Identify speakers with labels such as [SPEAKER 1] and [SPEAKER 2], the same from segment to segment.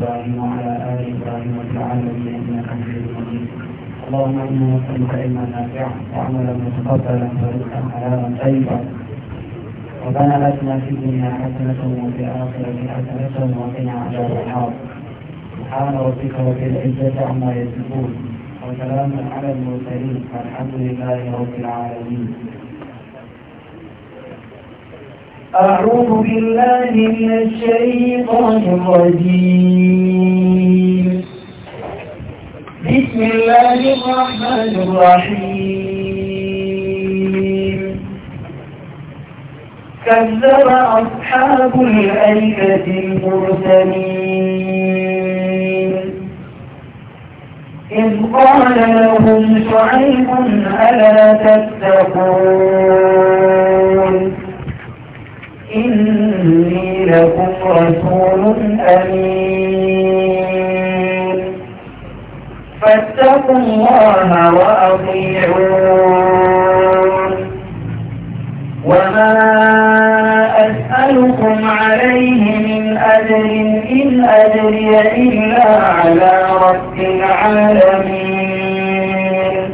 [SPEAKER 1] إبراهيم وعلى آل إبراهيم وفي العالمين إنك حميد مجيد اللهم إنا نسألك علما نافعا وعملا متقبلا ورزقا حلالا طيبا
[SPEAKER 2] ربنا آتنا في الدنيا حسنة وفي الآخرة حسنة وقنا عذاب النار سبحان ربك رب العزة عما يصفون وسلام على المرسلين والحمد لله رب العالمين
[SPEAKER 3] أعوذ بالله من الشيطان الرجيم بسم الله الرحمن الرحيم كذب أصحاب الأيكة المرسلين إذ قال لهم شعيب ألا تتقون لكم رسول أمين فاتقوا الله وأطيعون وما أسألكم عليه من أجر إن أجري إلا على رب العالمين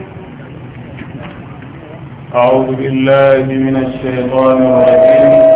[SPEAKER 2] أعوذ بالله من الشيطان الرجيم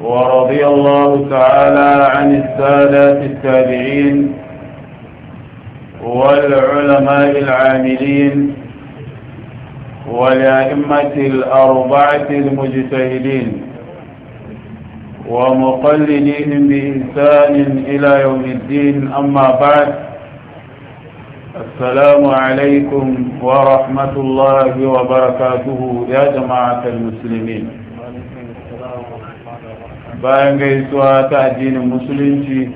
[SPEAKER 2] ورضي الله تعالى عن السادة التابعين والعلماء العاملين والأئمة الأربعة المجتهدين ومقلدين بإنسان إلى يوم الدين أما بعد السلام عليكم ورحمة الله وبركاته يا جماعة المسلمين bayan gaisuwa ta addinin musulunci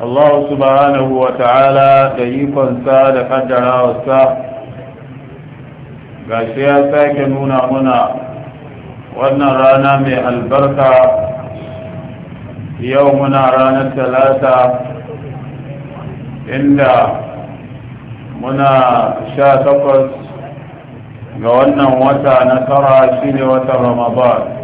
[SPEAKER 2] Allah subhanahu wa ta'ala da ikonsa da ga gashi ya sake nuna muna wannan rana mai albarka yau muna ranar talata inda muna sha takwas ga wannan wata na tara shine watan ramadan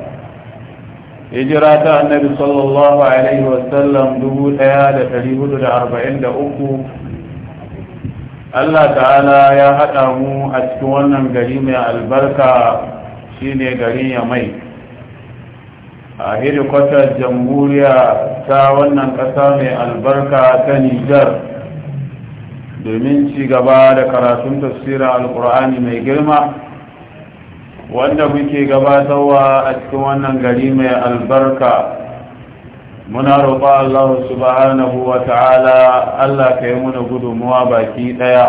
[SPEAKER 2] hijira ta annabi sallallahu alaihi wasallam dubu ɗaya da ɗari hudu da arba'in da uku allah ta'ala ya haɗa mu a cikin wannan gari mai albarka shine garin ya mai a hidikotar jamhuriya ta wannan ƙasa mai albarka ta nijar domin ci gaba da karatun tafsirin alkur'ani mai girma wanda muke gabatarwa a cikin wannan gari mai albarka muna roƙa Allah subhanahu wa ta'ala Allah ka yi muna gudunmuwa baki ɗaya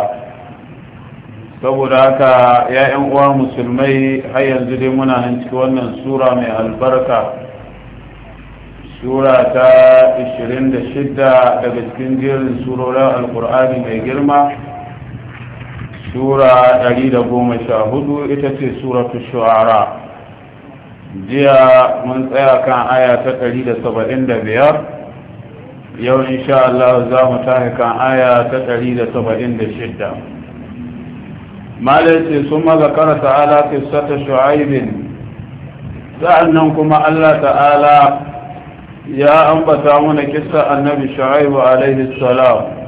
[SPEAKER 2] saboda haka ‘ya'yan uwa musulmai har yanzu dai muna nan cikin wannan sura mai albarka sura ta 26 daga cikin jerin surorin alkur'ani mai girma sura 114 ita ce suratu shu'ara jiya mun tsaya kan aya ta 175 yau insha Allah za mu tahi kan aya ta 176 malai ce sun maza mazakara ta'ala kissata shu'aibin sa'annan kuma Allah ta'ala ya ambata mana kisa annabi shu'aibu alaihi salam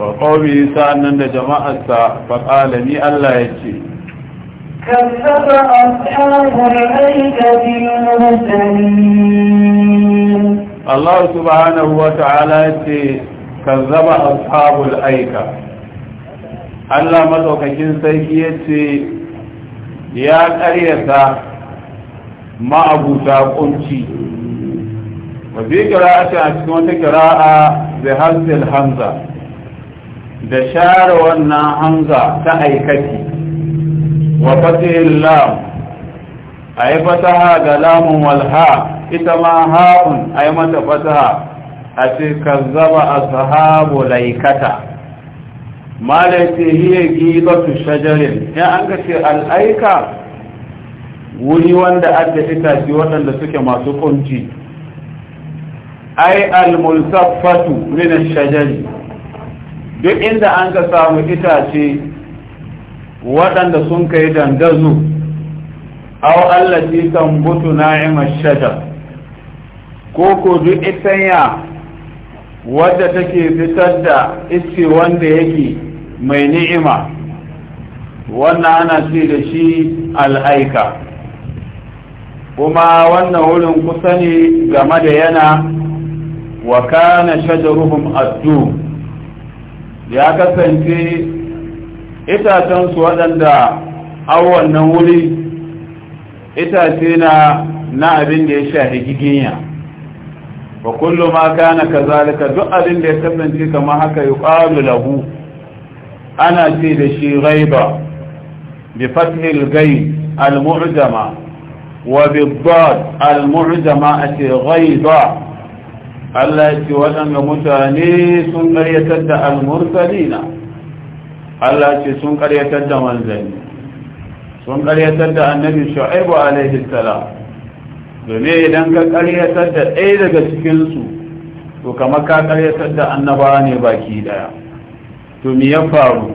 [SPEAKER 2] wa qawmi sa'annan da jama'arsa ta qala ni Allah yace
[SPEAKER 3] كذب أصحاب الأيكة المرسلين
[SPEAKER 2] الله سبحانه وتعالى كذب أصحاب الأيكة Allah matsaukakin sarki ya ce ya ƙaryata ma'abuta kunci wa bi ƙira'atin a cikin wata ƙira'a da hamza da share wannan hanza ta aikati wa fatihil lam yi fataha ga lamun Walha, ita ma ha'un yi mata fataha a ce a sahabu laikata malati hiya gibatu shajarin ya an ga ce wuri wanda adda itace waɗanda suke masu kunci Ai al mulsaffatu min shajari duk inda an ka samu itace waɗanda sun kai dandazu aw kan butu na'imash shajar ko ko duk itanya wadda take fitar da iske wanda yake mai ni'ima wannan ana ce da shi al'aika kuma wannan wurin kusa ne game da yana wa kana shajaruhum addu ya kasance itacensu waɗanda awon nan wuri itace na na abin da ya shahi giginya Ba kullum ma kana kazalika duk abin da ya kasance kamar haka yuqalu lahu ana ce da shi 'Raiba bi fathil ghaib al mu'jama wa bi dhad al mu'jama Allah ya ce waɗanda mutane sun ƙaryatar da almursalina Allah ce sun ƙaryatar da manzanni sun ƙaryatar da annabi shu'aibu alaihi salam domin idan ka ƙaryatar da ɗaya daga cikinsu to kamar ka ƙaryatar da annabawa ne baki ɗaya to me ya faru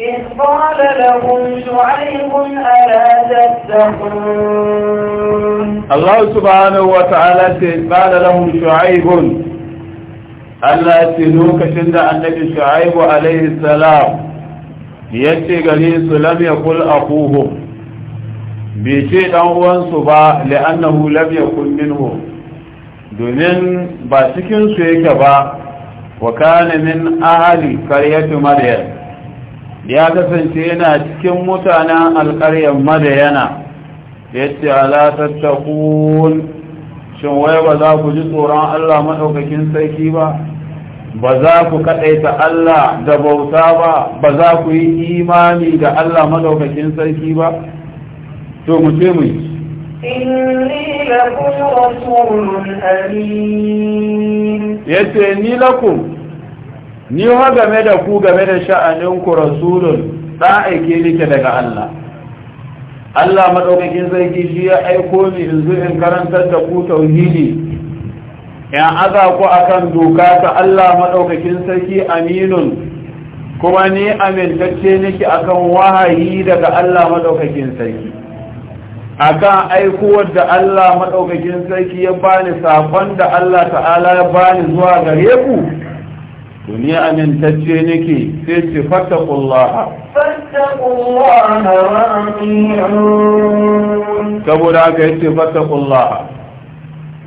[SPEAKER 3] إذ قال لهم شعيب ألا تتقون
[SPEAKER 2] الله سبحانه وتعالى قال لهم شعيب Allah ce lokacin da annabi Shu'aibu السلام yace ya ce gare su lam yakul akuhu bai ce dan uwansu ba li'annahu lam yakul minhu domin ba cikin su yake ba wa kana min ahli qaryati maryam ya kasance yana cikin mutanen alƙaryar madayana ya ce kun shin wai ba za ku ji tsoron Allah maɗaukakin sarki ba ba za ku kaɗaita Allah da bauta ba ba za ku yi imani da Allah maɗaukakin sarki ba to mu ce mu yi ce ni lakun ni wa game da ku game da sha'aninku rasulun ɗan aike nike daga Allah Allah maɗaukakin sarki shi ya aiko ni yanzu in karantar da ku tauhidi in aza ku akan doka ta Allah maɗaukakin sarki aminun kuma ni amintacce nake akan wahayi daga Allah maɗaukakin sarki akan aikowar da Allah maɗaukakin sarki ya bani saƙon da Allah ta'ala ya bani zuwa gare ku duniya amintacce nake sai ce fattakullaha saboda haka yace fattakullaha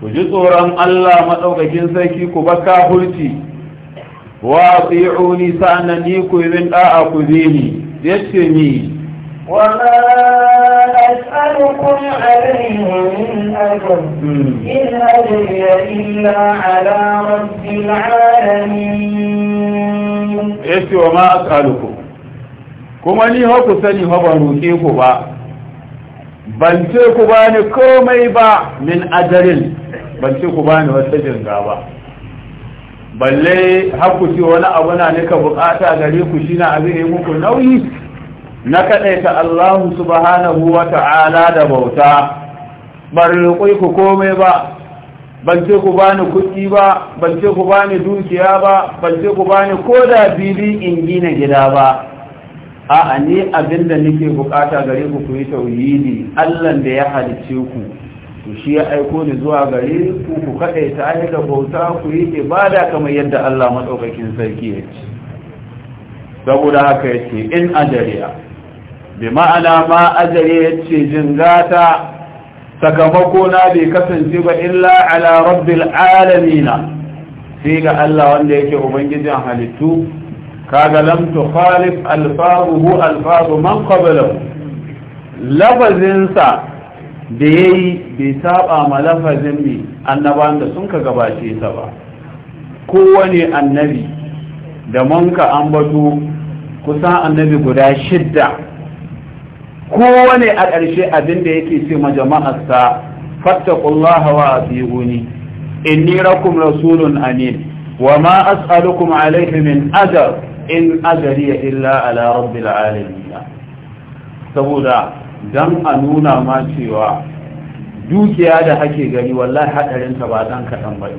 [SPEAKER 2] ku ji tsoron Allah madaukakin sarki ku baka hurci. wa tsi'uni sa'annan ni ku yi min da'a ku bi ni yace ni
[SPEAKER 3] وما أسألكم عليه من أجر إن أجري إلا على رب العالمين
[SPEAKER 2] إيش وما أسألكم kuma ni haku sani ha ban roƙe ku ba ban ce ku bani komai ba min ajarin ban ce ku bani wata jinga ba balle har ku ce wani abu na ne ka bukata gare ku shi na abin yi muku nauyi na kaɗaita Allah subhanahu wa ta'ala da bauta Bar rukui ku komai ba ban ce ku bani kuɗi ba ban ce ku bani dukiya ba ban ce ku bani koda bibi in gina gida ba a'a ni abinda nake bukata gare ku ku yi tauhidi Allah da ya halicce ku to shi ya aiko ni zuwa gare ku ku kaɗai ta da bauta ku yi ibada kamar yadda Allah madaukakin sarki ya ce saboda haka yace in adariya bi ma'ana ma ajali yace jingata sakamako na bai kasance ba illa ala rabbil alamin sai ga Allah wanda yake ubangijin halittu kaga lam tukhalif alfazuhu alfazu man qablahu lafazin sa da yayi bai saba ma lafazin bi Annaban da sun ka gabace ta ba kowane annabi da manka ambato kusan annabi guda shidda kowane a ƙarshe abin da yake ce ma jama'arsa fattakullah wa atiyuni inni rakum rasulun amin wa ma as'alukum alayhi min ajr in ajri illa ala rabbil alamin saboda dan a nuna ma cewa dukiya da hake gani wallahi hadarin ta ba dan kadan bari.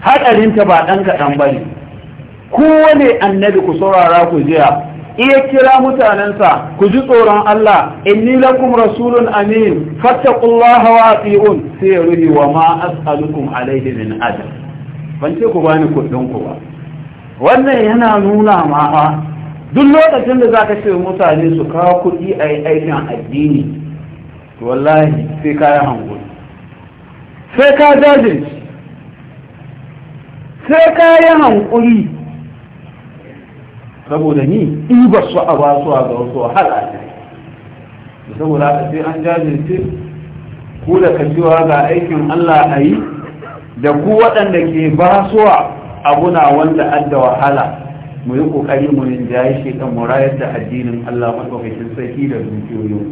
[SPEAKER 2] hadarin ta ba dan kadan bane kowane annabi ku saurara ku jiya iya kira mutanensa ku ji tsoron Allah inni lakum rasulun amin fattaqullaha wa ati'un sai ya ruhi wa ma as'alukum alayhi min ajr ban ce ku bani kuɗin ku ba wannan yana nuna ma ha duk lokacin da zaka ce mutane su kawo kuɗi a yi aikin addini to wallahi sai ka yi hangul sai ka jajirce sai ka yi hankuli saboda ni ɗiba su a ba su a ga wasu har a saboda haka sai an jajirce ku da ka cewa ga aikin Allah a yi da ku waɗanda ke ba su abuna wanda adda wahala mu yi ƙoƙari mu rinjaye shi kan da addinin Allah maɗaukakin sarki da dukiyoyi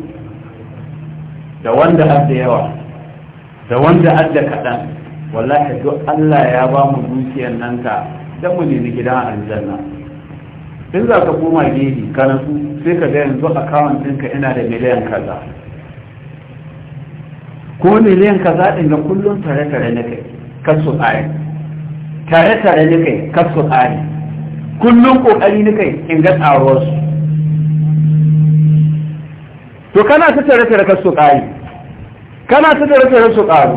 [SPEAKER 2] da wanda adda yawa da wanda adda kaɗan wallahi duk Allah ya ba mu dukiyar nan ka dan mu nemi gidan aljanna in za ka koma gefe ka nasu sai ka ga yanzu akawun ɗinka ina da miliyan kaza ko miliyan kaza ɗin ga kullum tare-tare na kai kasu tsari tare-tare na kai kasu tsari kullum ƙoƙari na kai in ga tsaruwarsu to kana ta tare-tare kasu tsari kana ta tare-tare su ƙaru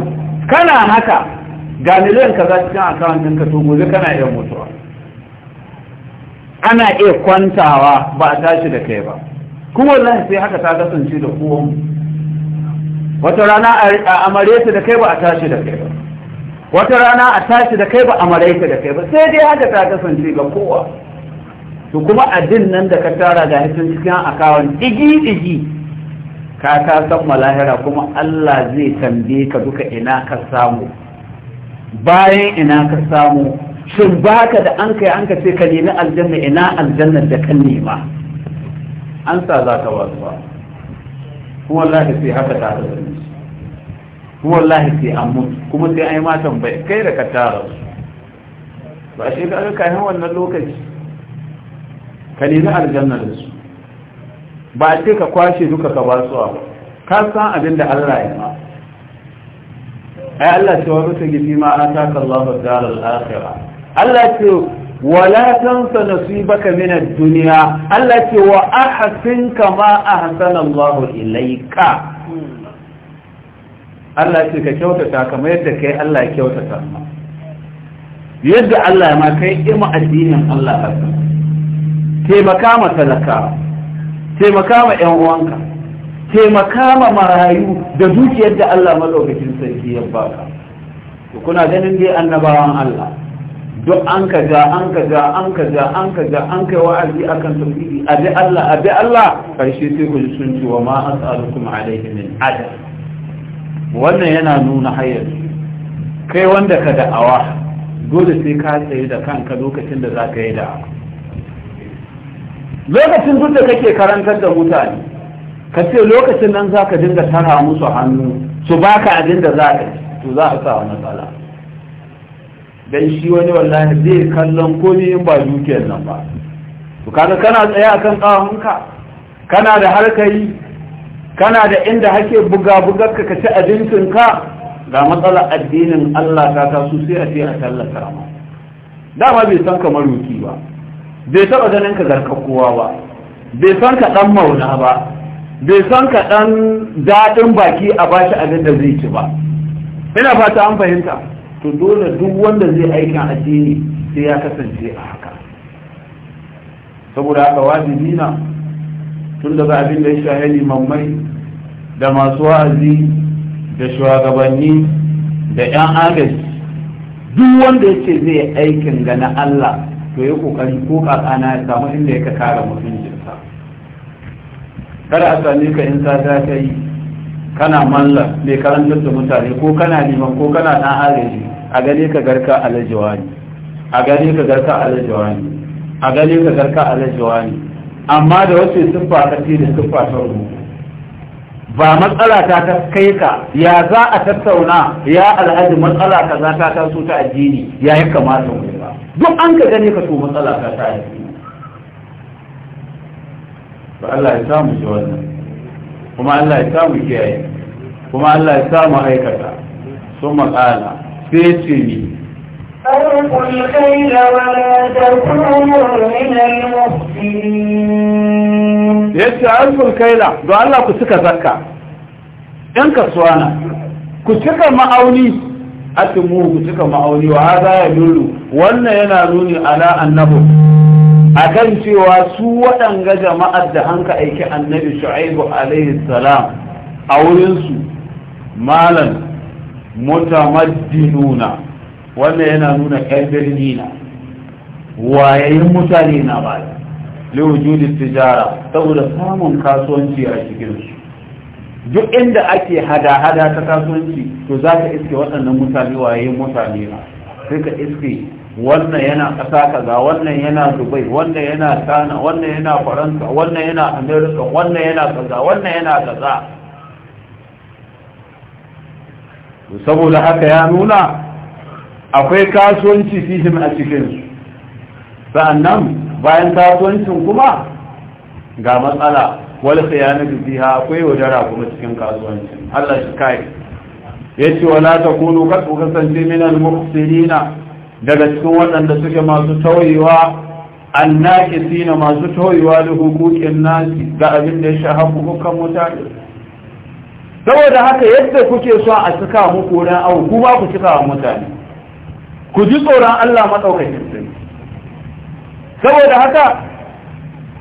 [SPEAKER 2] kana haka ga miliyan kaza cikin akawun ɗinka to gobe kana iya mutuwa ana iya kwantawa ba a tashi da kai ba kuma wallahi sai haka ta kasance da kowa. wata rana a amare ta da kai ba a tashi da kai ba wata rana a tashi da kai ba a amare ta da kai ba sai dai haka ta kasance ga kowa to kuma addin nan da ka tara da hisin cikin akawun digi digi ka ta san malahira kuma Allah zai tambaye ka duka ina ka samu bayan ina ka samu shin baka da an kai an ka ce ka nemi aljanna ina aljannar da kan nema an sa za ka wasu ba kuma wallahi sai haka ta rasu kuma wallahi sai an mutu kuma sai an yi matan bai kai da ka tara su ba shi ka ga kayan wannan lokaci ka nemi aljanna da su ba ce ka kwashe duka ka ba su ba ka san abin da Allah ya ma ai Allah ce wa rutu gifi ma ataka Allahu daral akhirah Allah ce wa wala tansa nasibaka min ad-dunya Allah ce wa ahsin kama ahsana Allah ilayka Allah ce ka kyautata kamar yadda kai Allah ya kyautata yadda Allah ma kai ima addinin Allah haka taimaka ma talaka taimaka ma yan uwanka taimaka ma marayu da dukiyar da Allah madaukakin sarki ya baka kuna ganin dai annabawan Allah duk an ka ga an ka ga an ka ga an ka ga an kai wa'azi akan tauhidi a bi Allah a bi Allah karshe sai ku ji sun ci wa ma as'alukum alaihi min ada. wannan yana nuna hayar kai wanda ka da'awa dole sai ka tsaye da kanka lokacin da za ka yi da'awa lokacin duk da kake karantar da mutane ka ce lokacin nan za ka dinga tara musu hannu su baka abin da za ka to za a sa matsala dan shi wani wallahi zai kallon komai in ba dukiyar nan ba to kaga kana tsaya akan kawunka kana da harkari kana da inda hake buga bugar ka ci abincin ka ga matsalar addinin Allah ta su sai a ce a tallata ma dama bai san ka maruki ba bai taba ganin ka kowa ba bai san ka dan mauna ba bai san ka dan dadin baki a bashi abin da zai ci ba ina fata an fahimta to dole duk wanda zai aikin addini sai ya kasance a haka saboda haka wajibi na tun daga abin da ya shahe limammai da masu wa'azi da shugabanni da 'yan agaji duk wanda yake ce zai aikin ga na Allah to ya kokari ko kakana ya samu inda ya kara mutuncinsa kada a same ka in sata ta yi kana mallar mai karantar da mutane ko kana liman ko kana dan agaji a gane ka garka alajawani ne a gane ka garka alajewa ne a gane ka garka alajewa ne amma da wasu siffa ka ce da siffa ta rubu ba matsala ta ta kai ka ya za a tattauna ya alhaji matsala ka za ta taso ta addini ya yi kamata mu ba duk an ka gane ka to matsala ta ta addini ba Allah ya samu shi wannan kuma Allah ya samu kiyaye kuma Allah ya samu aikata sun maƙala sai ce ni ya ce alfin kaila don Allah ku cika zakka in kasuwana ku cika ma'auni a timu ku cika ma'auni wa haza ya nuru wannan yana nuni ala annabu a kan cewa su waɗanga jama'ar da hanka aiki annabi shu'aibu alaihi salam a wurin su malam mutamaddinuna wannan yana nuna ƴan birni na wayayin mutane na baya liwujudin tijara saboda samun kasuwanci a cikinsu duk inda ake hada-hada ta kasuwanci to za ka iske waɗannan mutane wayayin mutane na sai ka iske wannan yana ƙasa kaza wannan yana dubai wannan yana tana wannan yana faransa wannan yana america wannan yana kaza wannan yana kaza saboda haka ya nuna akwai kasuwanci fihim a cikinsu sa'annan bayan kasuwancin kuma ga matsala wal khiyanatu fiha akwai wajara kuma cikin kasuwancin Allah shi kai yace wala takunu kad kasance min al muqsirina daga cikin wadanda suke masu tauyewa annakisina masu tawayewa da hukukin nasi ga abin da ya shahabu hukan mutane saboda haka yadda kuke so a cika muku wurin awu kuma ku cika wa mutane ku ji tsoron Allah maɗaukakin sarki saboda haka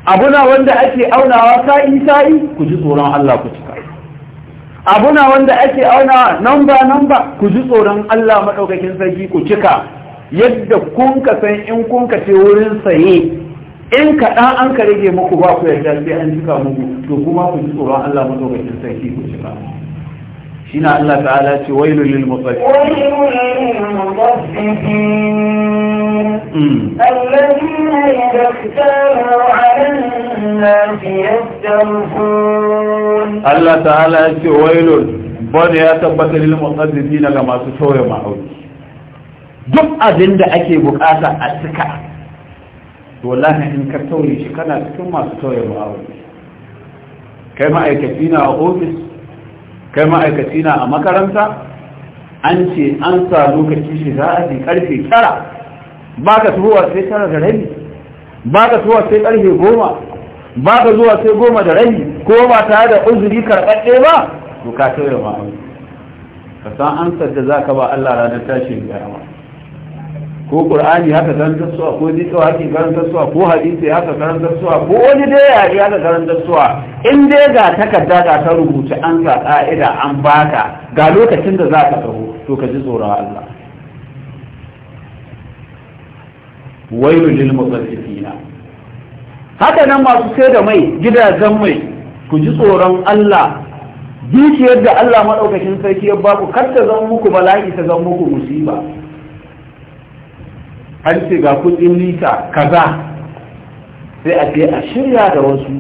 [SPEAKER 2] abuna wanda ake aunawa sa'i sa'i ku ji tsoron Allah ku cika abuna wanda ake aunawa namba namba ku ji tsoron Allah maɗaukakin sarki ku cika yadda kun ka san in kun ka ce wurin saye in kaɗan an ka rage muku ba ku yarda sai an cika muku to kuma ku ji tsoron Allah madaukakin sarki ku cika shi na Allah ta'ala ce wailu lil mutaffifin
[SPEAKER 3] alladhina yadkhuluna 'ala an-nasi yastamhun
[SPEAKER 2] Allah ta'ala ce wailu Bani ya tabbata lil mutaffifin ga masu tauye mahauki. duk abin da ake bukata a cika to wallahi in ka tauye shi kana cikin masu tauye ma'auni kai ma'aikaci na a ofis kai ma'aikaci na a makaranta an ce an sa lokaci shi za a ji karfe tara ba ka tuhowa sai tara da rami. ba ka tuhowa sai karfe goma ba ka zuwa sai goma da rami. ko ba tare da uzuri karɓaɗɗe ba to ka tauye ma'auni ka san ansar da za ka ba Allah ranar tashin kiyama ko qur'ani haka karantar suwa ko dika haka karantar suwa ko hadisi haka karantar suwa ko wani dai yare haka karantar suwa in dai ga takarda ga ta rubuta an ga ka'ida an baka ga lokacin da za ka tsaho to ka ji tsoron Allah wailu lil mutaffifina haka nan masu sai da mai gidajen mai ku ji tsoron Allah dukiyar da Allah madaukakin sarki ya ku kar ta zama muku bala'i ta zama muku musiba an ce ga kudin lita kaza sai a ce a shirya da wasu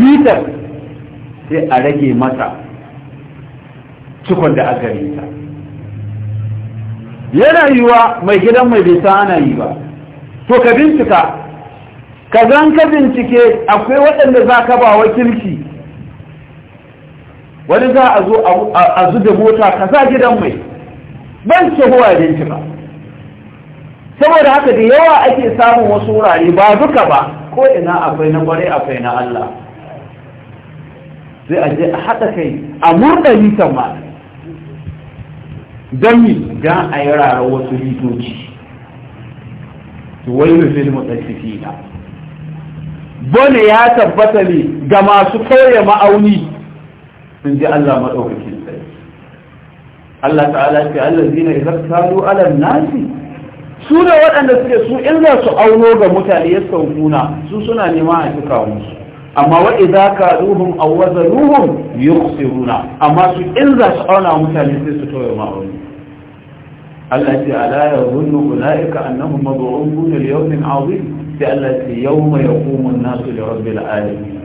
[SPEAKER 2] litar sai a rage mata cikon da aka rita yana yiwa mai gidan mai bai ana yi ba to ka bincika ka zan ka bincike akwai waɗanda za ka ba wakilci wani za a zo a zube mota ka sa gidan mai ban ce huwa bincika saboda haka da yawa ake samun wasu wurare ba duka ba ko ina akwai na kwarai akwai na Allah sai a je a haɗa kai a murna litan ma don mi don a yi rarar wasu litoci wai ɗan mutsafifi na bane ya tabbata ne ga masu kauye ma'auni in ji Allah maɗaukakin sai Allah ta'ala ce Allah zina idan kalu alal nasi su ne waɗanda suke su za su auno ga mutane ya saukuna su suna nema a cika musu amma wa idza kaduhum aw wazanuhum yukhsiruna amma su za su auna mutane sai su toye ma'auni Allah ce ala yadhunnu ulaika annahum mab'uthun li yawmin 'azim sai Allah ce yawma yaqumu an-nasu li rabbil alamin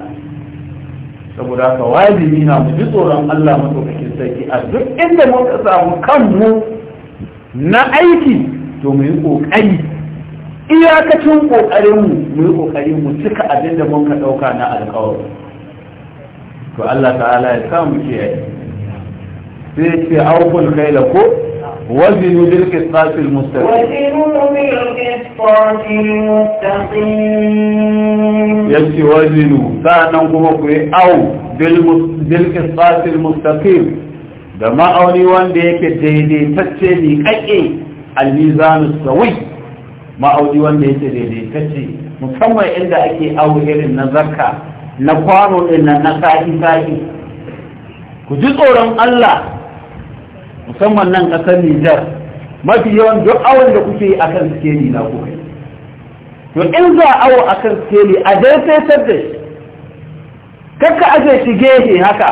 [SPEAKER 2] saboda haka wajibi na mu ji tsoron Allah madaukakin sarki a duk inda muka samu kanmu na aiki to mu yi ƙoƙari iyakacin ƙoƙarinmu mu yi ƙoƙari mu cika abin da mun ka ɗauka na alƙawari to Allah ta'ala ya sa mu kiyaye sai ce auful kaila ko وزنوا بالقسطاس المستقيم
[SPEAKER 3] وزنوا بالقسطاس المستقيم يجي وزنوا
[SPEAKER 2] فانا كمكوي او بالقسطاس المستقيم da ma'auni wanda yake daidai tacce ni kake al-mizanu sawi ma'auni wanda yake daidaitacce musamman inda ake awo irin na zakka na kwano din nan na sa'i sa'i ku ji tsoron Allah musamman nan kasar Nijar mafi yawan duk awon da kuke yi akan sikeli na kuka to in za awo akan sikeli a dai sai da shi kakka aje shi gehe haka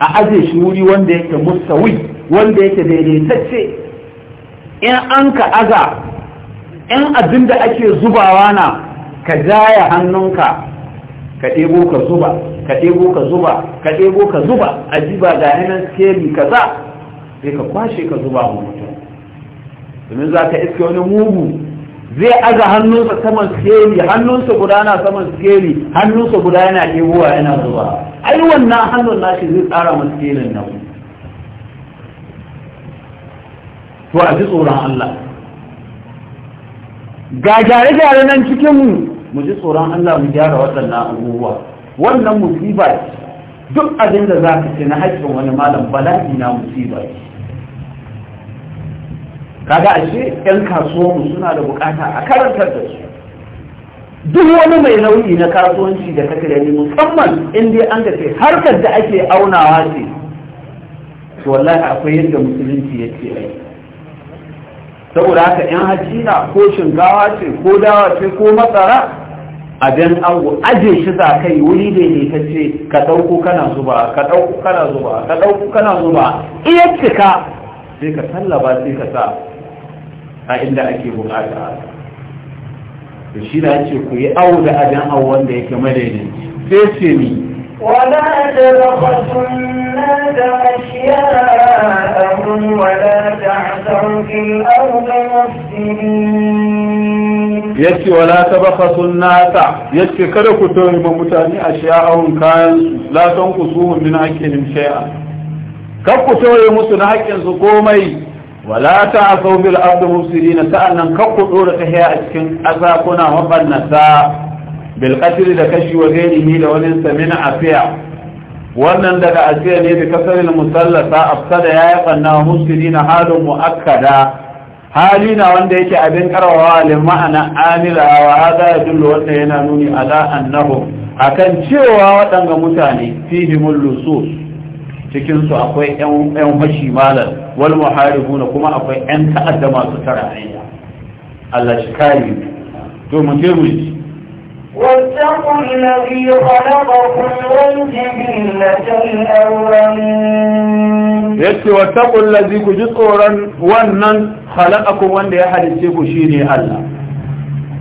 [SPEAKER 2] a aje shi wuri wanda yake musawi wanda yake daidaitacce in an ka aza in abin da ake zubawa na ka jaya hannunka ka ɗebo ka zuba ka ɗebo ka zuba ka ɗebo ka zuba a jiba ga yanar keli ka za sai ka kwashe ka zuba mu mutum domin za ka iske wani mugu zai aza hannunsa saman keli hannunsa guda na saman keli hannunsa guda yana ɗebowa yana zuba ai wannan hannun nashi zai tsara maskelin nan to a ji tsoron Allah ga gyare-gyare nan cikinmu mu ji tsoron Allah mu gyara waɗannan abubuwa wannan musiba duk abin da za ka ce na haƙƙin wani malam bala'i na musiba kaga ashe 'yan kasuwanmu suna da bukata a karantar da su duk wani mai nauyi na kasuwanci da kake gani musamman in dai an gace harkar da ake aunawa ce to wallahi akwai yadda musulunci yake aiki saboda haka in hajjina ko shinkawa ce ko dawa ce ko masara abin ango aje shi za kai wuri da ne ta ce ka ɗauko kana zuba ka ɗauko kana zuba ka ɗauko kana zuba iya cika sai ka tallaba sai ka sa a inda ake bukata to shi da ce ku yi awo da abin awon wanda yake madaidaici sai ce ni
[SPEAKER 3] ولا تبخسوا الناس أشياءهم ولا تعثوا في الأرض مفسدين
[SPEAKER 2] yace wala tabakhasu nasa yace kada ku tori ma mutane a sha'awun kayan la san tan kusuhum min haqqihim shay'a ka ku tori musu na hakkin su komai wala ta'asaw bil ardi mufsidina sa'annan ka ku dora ta haya a cikin azakuna bannasa bil da kashi wa ghairihi da wani samin afiya wannan daga afiya ne da kasarin musallasa da ya yi banna musulina halin muakkada hali na wanda yake abin karawa lil ma'ana amila wa ya dullo wanda yana nuni ala annahu akan cewa waɗanga mutane fihimul lusus cikinsu akwai ƴan mashi malar wal muharibuna kuma akwai 'yan ta'adda masu tara Allah shi kare to mu je mu ji
[SPEAKER 3] واتقوا الذي خلقكم والجبلة الأولين
[SPEAKER 2] يكي واتقوا الذي كجسورا ونن خلقكم وان دي أحد الله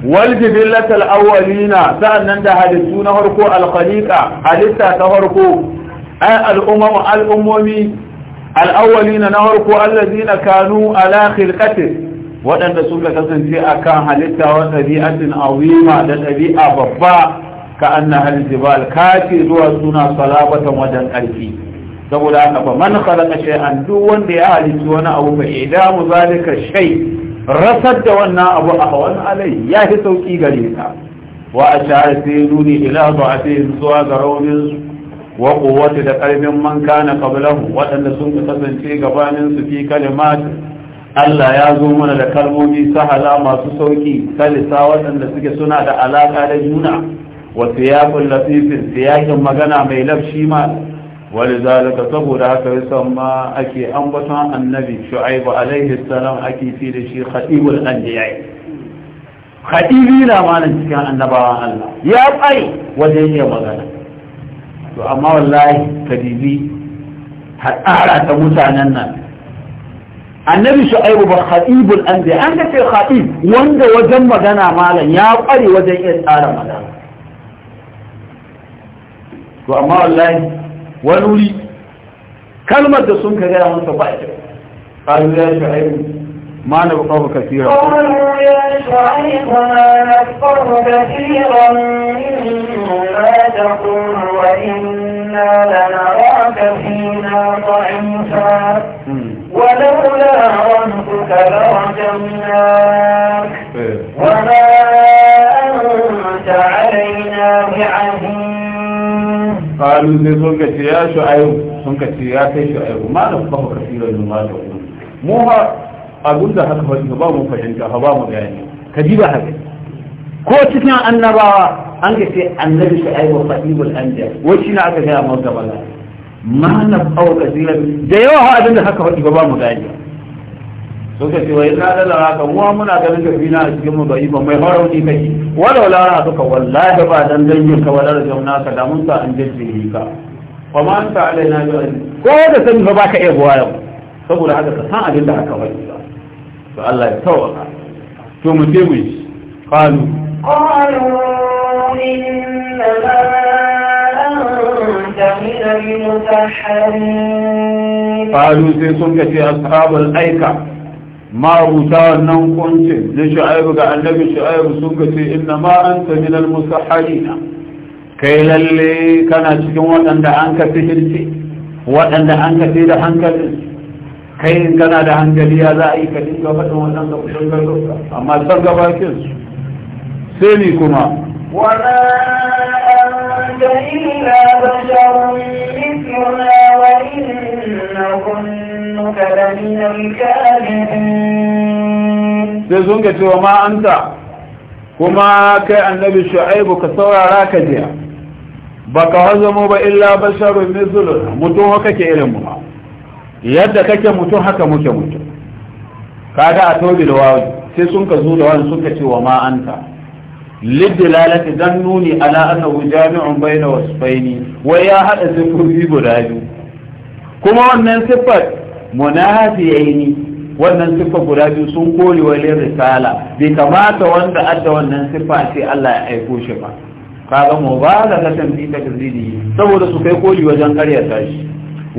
[SPEAKER 2] والجبلة الأولين سألنا دي أحد السونة هركو القليقة حدثة تهركو أي الأمم الأممي الأولين نهركو الذين كانوا على خلقته waɗanda suka kasance a kan halitta wa ɗabi'atin awima da ɗabi'a babba ka an na haljibal kafi zuwa suna salabatan wajen ƙarfi saboda haka fa man khalaqa shay'an duk wanda ya halitta wani abu ba idamu zalika shay rasar da wannan abu a hawan alai ya fi sauki gare ka wa ashara sai nuni ila da'atin zuwa ga raunin wa quwwati da ƙarfin man kana qablahu waɗanda sun kasance gabanin su fi kalimat Allah ya zo mana da kalmomi sahala masu sauki kalisa waɗanda suke suna da alaƙa da juna wa siyaqul latifin siyakin magana mai lafshi ma walizalika saboda haka ya ma ake ambaton annabi Shu'aibu alaihi salam ake fi da shi khatibul anbiya khatibi na malan cikin annabawan Allah ya tsaye wajen yin magana to amma wallahi kadibi hadara ta mutanen nan annabi shu'aibu ba khatibul anbiya an ce khatib wanda wajen magana malam ya kware wajen yin tsara magana to amma wallahi wani wuri kalmar da sun ka gaya masa ba ita qalu ya shu'aibu ma na buƙafu kasira qalu
[SPEAKER 3] ya shu'aibu ma na buƙafu kasira mimma taqulu wa inna lanaraka fina dha'ifa ولولا رمتك لرجمناك إيه. وما أنت علينا بعزيز
[SPEAKER 2] قالوا لي سنك يا شعيب سنك يا شعيب ما نفقه كثيرا من الله تقول موها أقول لها كفا إنه بابا مفجنك أخبا مبعيني كجيبا هكذا كو أن نبا أنك سي أن نبي شعيب وفقيب الأنجا وشي نعك يا مرضى الله ma na fawo kasiran da yawa ha abinda haka faɗi ba ba mu gani suka ce wai na lalara ka muwa muna ganin ka fina a cikin mu bai ba mai farauni kake walau lara suka wallahi ba dan dangin ka wala da naka da mun sa an jajjiri ka fa ma an ta alaina bi ko da sani fa baka iya buwa yau saboda haka ka san abinda haka faɗi ba to Allah ya tawaka to mu je mu yi qalu
[SPEAKER 3] qalu innama Kalu sai
[SPEAKER 2] sun kace ashabul aika ma rubuta wannan kuncin na shu'aibu ga annabi shu'aibu sun kace inna ma anta min al musahhalina kai lalle kana cikin waɗanda an ka sihirce waɗanda an ka sai da hankalin kai kana da hankali za a yi ka dinga faɗin wannan ga kusan gado amma sarga bakin sai ni kuma
[SPEAKER 3] أنت إلا بشر مثلنا وإن نظنك لمن الكاذبين
[SPEAKER 2] sai sun ga cewa ma anta kuma kai annabi shu'aibu ka saurara ka jiya baka hazamo ba illa basharun mithlun mutum haka ke irin mu yadda kake mutum haka muke mutum kaga a tobi da wawo sai sun ka zo da wani suka ce wa ma anta lidilalati dan nuni ala jami'an jami'un baina wasfaini wai ya hada sifofi guda biyu kuma wannan siffar wannan siffa guda biyu sun kore wani risala bai kamata wanda adda wannan siffa sai Allah ya aiko shi ba kaga mu ba da kasan bi ta gazidi saboda su kai koli wajen karyata shi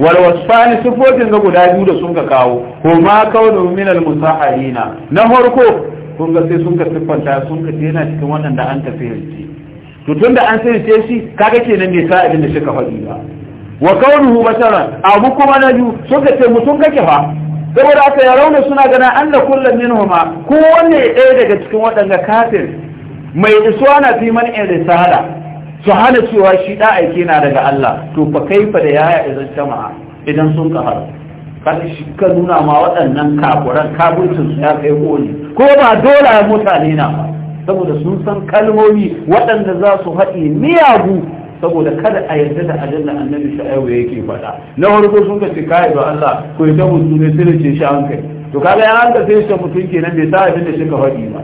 [SPEAKER 2] wal wasfani sifofin ga guda biyu da sun ka kawo ko ma kaunu min al musahirina na farko kun ga sai sun ka siffanta sun ka yana cikin waɗanda an ka sirrice to tun da an sirrice shi kaga kenan bai sa abin da suka faɗi ba wa kaunuhu basara abu kuma na biyu sun ka ce mutum kake fa saboda aka ya rauna suna gana an da kullum min huma kowanne ɗaya daga cikin waɗanda kafir mai isuwa na fi man in risala su hana cewa shi ɗa aike na daga Allah to fa kaifa da yaya idan jama'a idan sun kahara kaga shi ka nuna ma waɗannan kafuran kafircin ya kai koli ko ba dole mutane na ba saboda sun san kalmomi waɗanda za su haɗe miyagu saboda kada a yarda da ajalla annabi sha'awu yake faɗa na farko sun ka ce kai Allah ko ya mutu ne sai ce shi an kai to kaga ya an ka sai shi mutum kenan bai sa abin da shi ka faɗi ba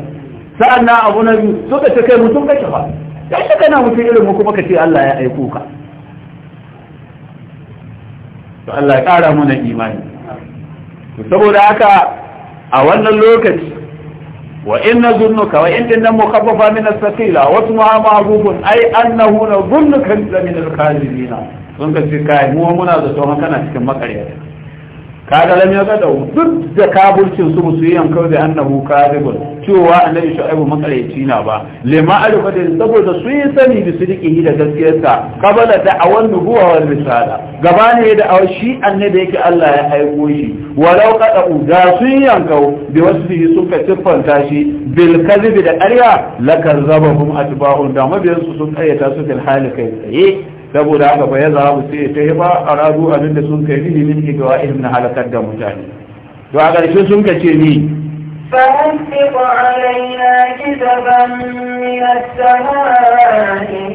[SPEAKER 2] sa'an na abu na biyu so ce kai mutum kake fa kai kana mutum irin mu kuma ka ce Allah ya aiko ka to Allah ya ƙara mana imani saboda haka a wannan lokaci wa inna zunnuka wa in dinnan mukaffafa min as-saqila wa ismuha ma'rufun ay annahu la zunnuka min al-kadhibina sun ka kayan kai mu muna da tsohon kana cikin makarya kaga lam yaqadu duk da kabulcin su musu yan kawai annahu kadibun cewa annabi shu'aibu makareci na ba lima da saboda su yi sani da su dike da gaskiyarsa kabala da awan nubuwa wal risala gabane da awan shi annabi yake Allah ya aiko shi walau u da su yankau bi su suka tiffanta shi bil kadhibi da ƙarya lakazabahum atba'un da mabiyansu sun ƙaryata su fil hali kai tsaye saboda haka ba ya zara zahabu sai ta yi ba a radu nan da sun kai ni ne ke igwa'ihim na halakar da mutane to a ƙarshe sun ka ce ni
[SPEAKER 3] فأسقط علينا كسبا من السماء إن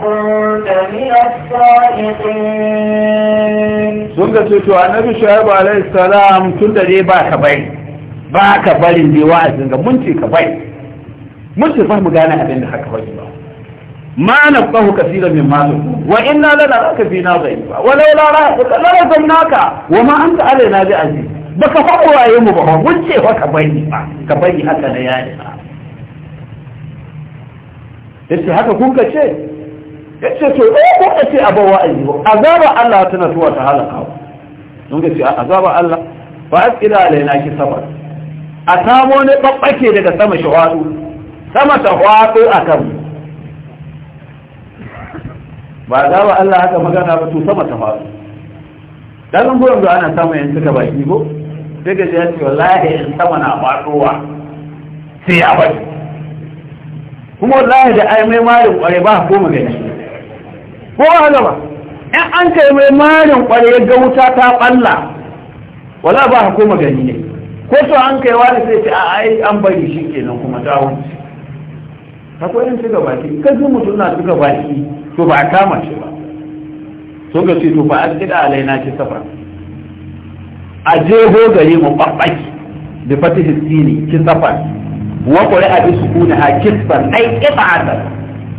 [SPEAKER 3] كنت من الصادقين
[SPEAKER 2] sun ce to annabi shaibu alaihi salam tun da dai ba ka bai ba ka barin dai wa'azin ga mun ce ka bai mun ce ba mu gane abin da haka bai ما نفقه كثيرا مما تقول وإنا لنراك فينا ضعيفا ولولا رأيك لرجمناك وما أنت علينا بعزيز بك فقوا أيام بها وانت وكبيني كبيني حتى ليالي yace haka kuka ce yace to eh kuka ce abu wa'azi azaba Allah tana tuwa ta halaka mun ga ce azaba Allah fa asqila alaina ki sabar a samo ne babbake daga sama shawadu sama ta akan ba za ba Allah haka magana ba to sama ta faru dan gurin da ana samun yan suka baki ko sai ya ce wallahi in sama na faruwa sai ya bari kuma wallahi da ai mai marin kware ba ko magana ko haka ba in an kai mai marin kware ga wuta ta balla wala ba ko magani ne ko to an kai wani sai ce a ai an bari shi kenan kuma ta wuce akwai yin shiga baki in kaji mutum na shiga baki to ba a kama shi ba so ga ce to ba a kida alai na ce safar a jeho gari mu babbaki da fata hissini ki safar wa kuri a bisu kuna a kisfar ai kifa'ata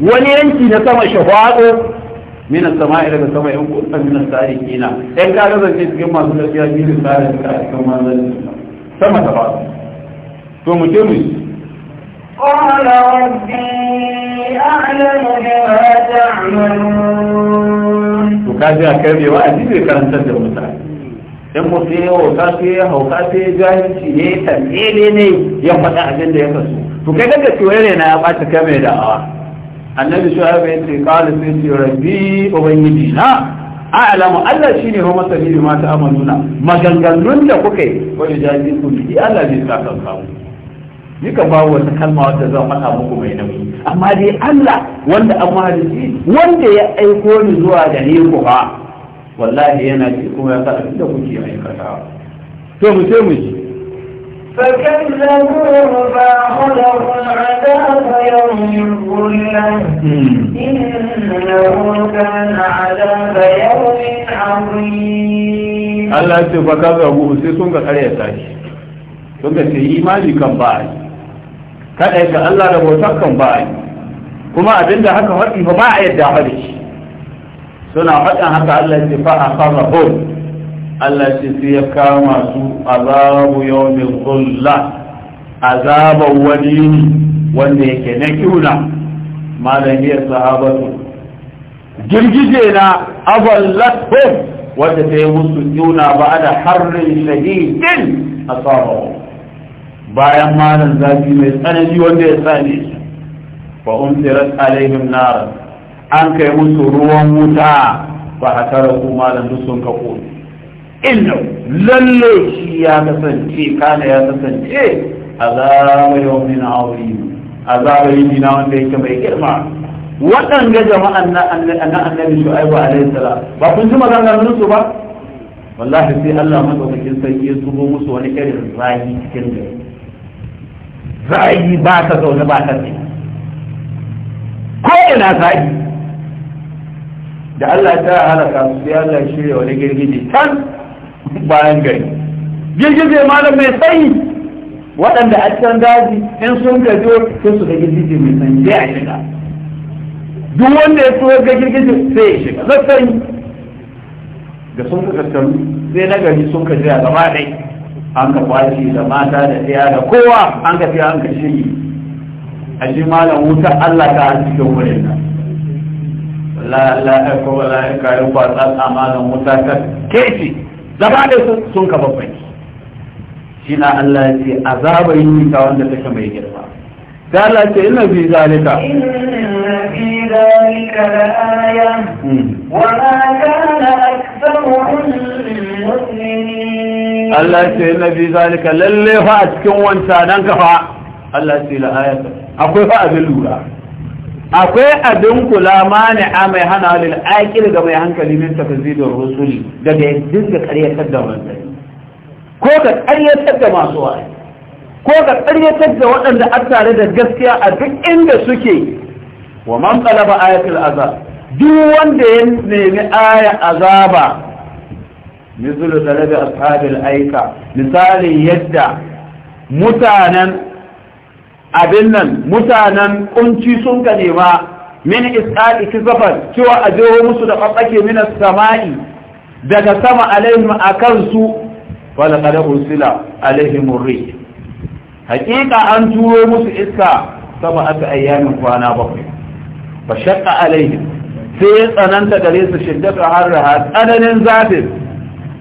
[SPEAKER 2] wani yanki na sama shahwado min sama daga sama yan kusa min sari kina ɗan kaga zance cikin masu gaskiya biyu da tsarin ka a cikin manzanni sama ta ba to mu ce mu
[SPEAKER 3] قال ربي أعلم بما تعملون
[SPEAKER 2] وكاجي أكبر in mutu ya wauta ya hauka sai ya jahilci ne ya faɗa abin da ya kasu to kai daga na ya ɓata kai da awa. annabi shi ya ce kala sai ce rabbi ubangiji na a alamu Allah shi ne homa sabi bi mata amaluna maganganun da kuka yi wani jahilci ku bi Allah bai sa kan ni kan ba wata kalma wata zan faɗa muku mai nauyi amma dai Allah wanda an mahalici wanda ya aiko ni zuwa ni ku ba wallahi yana ci kuma ya sa da kuke aikatawa to mu sai mu ji hmm. Allah ce العذاب ka الظلة sai sun ga kare tashi sun ga sai imani kan ba a yi kada ga Allah da bautar ba yi kuma abinda haka faɗi ba ba a yadda faɗi suna haɗin haka Allah ce fa a fara hol Allah ce sai ya kama su azabu yawmin zulla azaban wani wanda yake na kiuna malamiyar sahabatu girgije na aballat hom wadda ta yi musu kiuna ba da harrin shahidin asabahu bayan malam zafi mai tsanani wanda ya sani shi fa umtirat alaihim nar an kai musu ruwan wuta fa hatara ku malam duk sun ka ko inna lalle shi ya kasance kana ya kasance azaba yawmin azim azaba yawmin wanda yake mai girma Waɗanda jama'an na annabi shu'aibu alaihi salam ba kun ji maganganun su ba wallahi sai Allah madaukakin sarki ya zubo musu wani irin zaki cikin gari yi ba ta zaune ba ta tsaye ko ina zagi da Allah ta halaka su sai Allah shirya wani girgije can bayan gari girgije malam mai tsayi waɗanda a can daji in sun gajo sai su ga girgije mai sanyi sai a shiga duk wanda ya so ga girgije sai ya shiga zai sanyi da sun ka kaskaru sai na gari sun ka jira gaba ɗaya an ka kwashi da mata da tsaya da kowa an ka tsaya an ka shiri a shi malam wuta Allah ka an cikin wurin nan la la ko la ka yi kwatsa a malam wuta ka keci zaba da sun ka babbai shi na Allah ya ce azaba yi ta wanda take mai girma da Allah ce ina fi zalika inna
[SPEAKER 3] fi zalika la aya hmm. wa ma kana aktharuhum muslimin
[SPEAKER 2] Allah ya ce na fi zalika lalle fa a cikin wanta nan ka fa Allah ce la ayata akwai fa abin lura akwai abin kula mani a mai hana lil aqil ga mai hankali min takzidur rusuli daga dinga ƙaryatar da manzari ko ka ƙaryatar da masu wa'azi ko ka ƙaryatar da waɗanda an tare da gaskiya a duk inda suke wa man qalaba ayatul azab duk wanda ya nemi aya azaba mislu talabi ashabil aika misali yadda mutanen abin nan mutanen kunci sun ka nema min isqati kizafan cewa a jeho musu da fatsake min samai daga sama alaihim akan su wala qad ursila alaihim an turo musu iska sama aka ayyamin kwana bakwai fa shaqqa sai tsananta da su shiddatu harraha tsananin zafin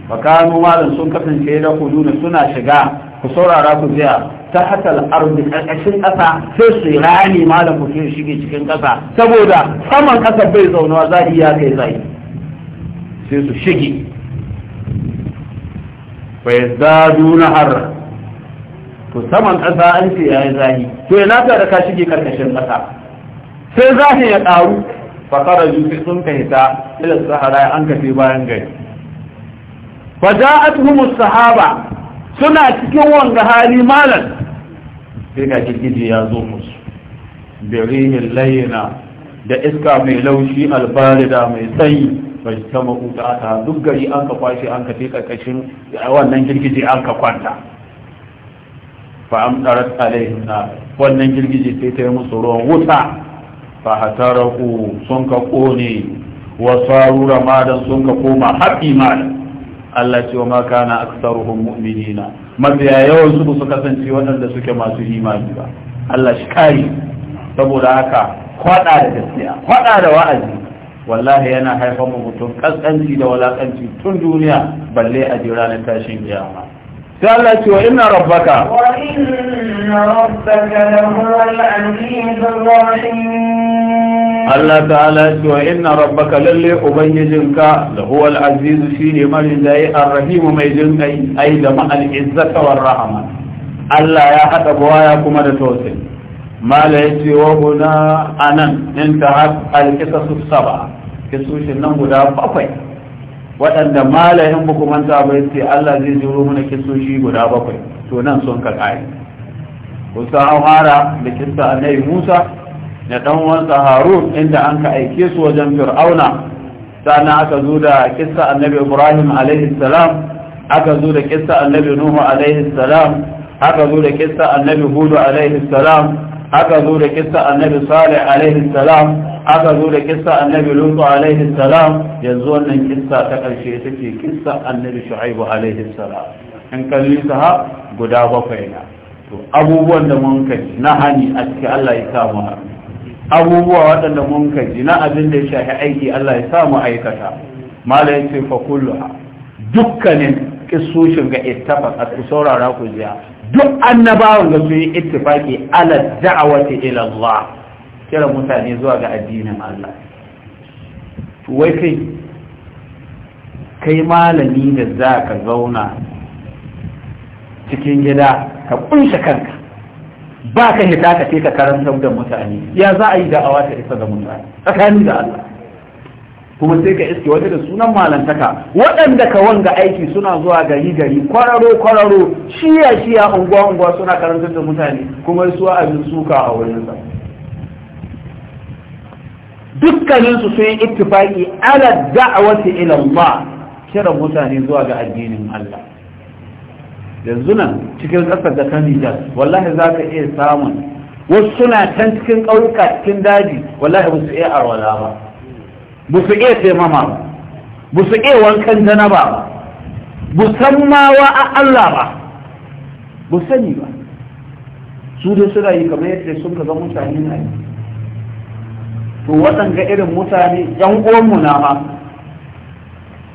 [SPEAKER 2] fakanu malam sun kasance da kuduna suna shiga ku saurara ku biya ta hatal arzi ƙarƙashin ƙasa sai su rani malam ku shige cikin ƙasa saboda saman ƙasa bai zaunawa za iya kai zai sai su shige bai zadu na har to saman ƙasa an ce ya yi zahi to yana ta da ka shige ƙarƙashin ƙasa sai zahi ya ƙaru fakarar jufi sun ka hita ila sahara an kafe bayan gari fa ja'atuhum sahaba suna cikin wanga hali malan daga ga ya zo musu birihin layina da iska mai laushi albarida mai tsayi, bai ta mabuta duk gari an ka kwashe an ka fi karkashin wannan girgije an ka kwanta fa amdarat alaihim na wannan girgije sai ta yi musu ruwan wuta fa hataraku sun ka kone wa sarura madan sun ka koma haɓi madan Allah ce wa ma kana aktsaruhum mu'minina mabiya yawan su su kasance waɗanda suke masu imani ba Allah shi kare saboda haka kwada da gaskiya kwada da wa'azi wallahi yana haifar mu mutum kaskanci da walakanci tun duniya balle a jira na tashin kiyama sai Allah ce wa ina rabbaka
[SPEAKER 3] wa inna rabbaka lahuwal azizur
[SPEAKER 2] Allah ta'ala ce wa inna rabbaka lalle ubangijinka lahuwal aziz shine ne da yi arrahim mai jin ai da ma'al izzata war rahama Allah ya hada bawaya kuma da tausayi mala yace wa huna anan intahat al qisas saba kisoshin nan guda bakwai waɗanda malayin hukumanta bai sai Allah zai jiro mana kisoshi guda bakwai to nan sun ka kai kusa an fara da kissa annabi Musa da dan uwansa Harun inda an ka aike su wajen Fir'auna sannan aka zo da kissa annabi Ibrahim alaihi salam aka zo da kissa annabi Nuhu alaihi salam aka zo da kissa annabi Hud alaihi salam aka zo da kissa annabi Salih alaihi salam aka zo da kissa annabi lutu alaihi salam yanzu wannan kissa ta ƙarshe ta ce kissa annabi shu'aibu alaihi salam in kalli ta ha guda bakwai na to abubuwan da mun kai na hani a cikin Allah ya sa mu abubuwa waɗanda mun kai na abin da ya shafi aiki Allah ya sa mu aikata mala ya ce fa kulluha dukkanin kissoshin ga ittafaqa ku saurara ku jiya duk annabawan ga su yi ittifaqi ala da'awati ila Allah kira mutane zuwa ga addinin Allah wai kai kai malami da za ka zauna cikin gida ka kunshe kanka ba ka hita ka ce ka karanta da mutane ya za a yi da'awa ta isa da mutane tsakani da Allah kuma sai ka iske wata da sunan malantaka waɗanda ka wanga aiki suna zuwa gari gari kwararo kwararo shiya shiya unguwa unguwa suna karantar da mutane kuma su abin suka a wurin sa dukkaninsu sun yi ittifaki ala da'awati ila Allah kira mutane zuwa ga addinin Allah yanzu nan cikin ƙasar da kan Nijar wallahi za ka iya samun wasu suna can cikin ƙauyuka cikin daji wallahi ba su iya arwala ba ba su iya taimama ba ba su iya wankan janaba ba ba san ma wa Allah ba ba sani ba su dai suna yi kamar yadda sun ka ga mutane na yi to waɗanga irin mutane yan uwanmu na ma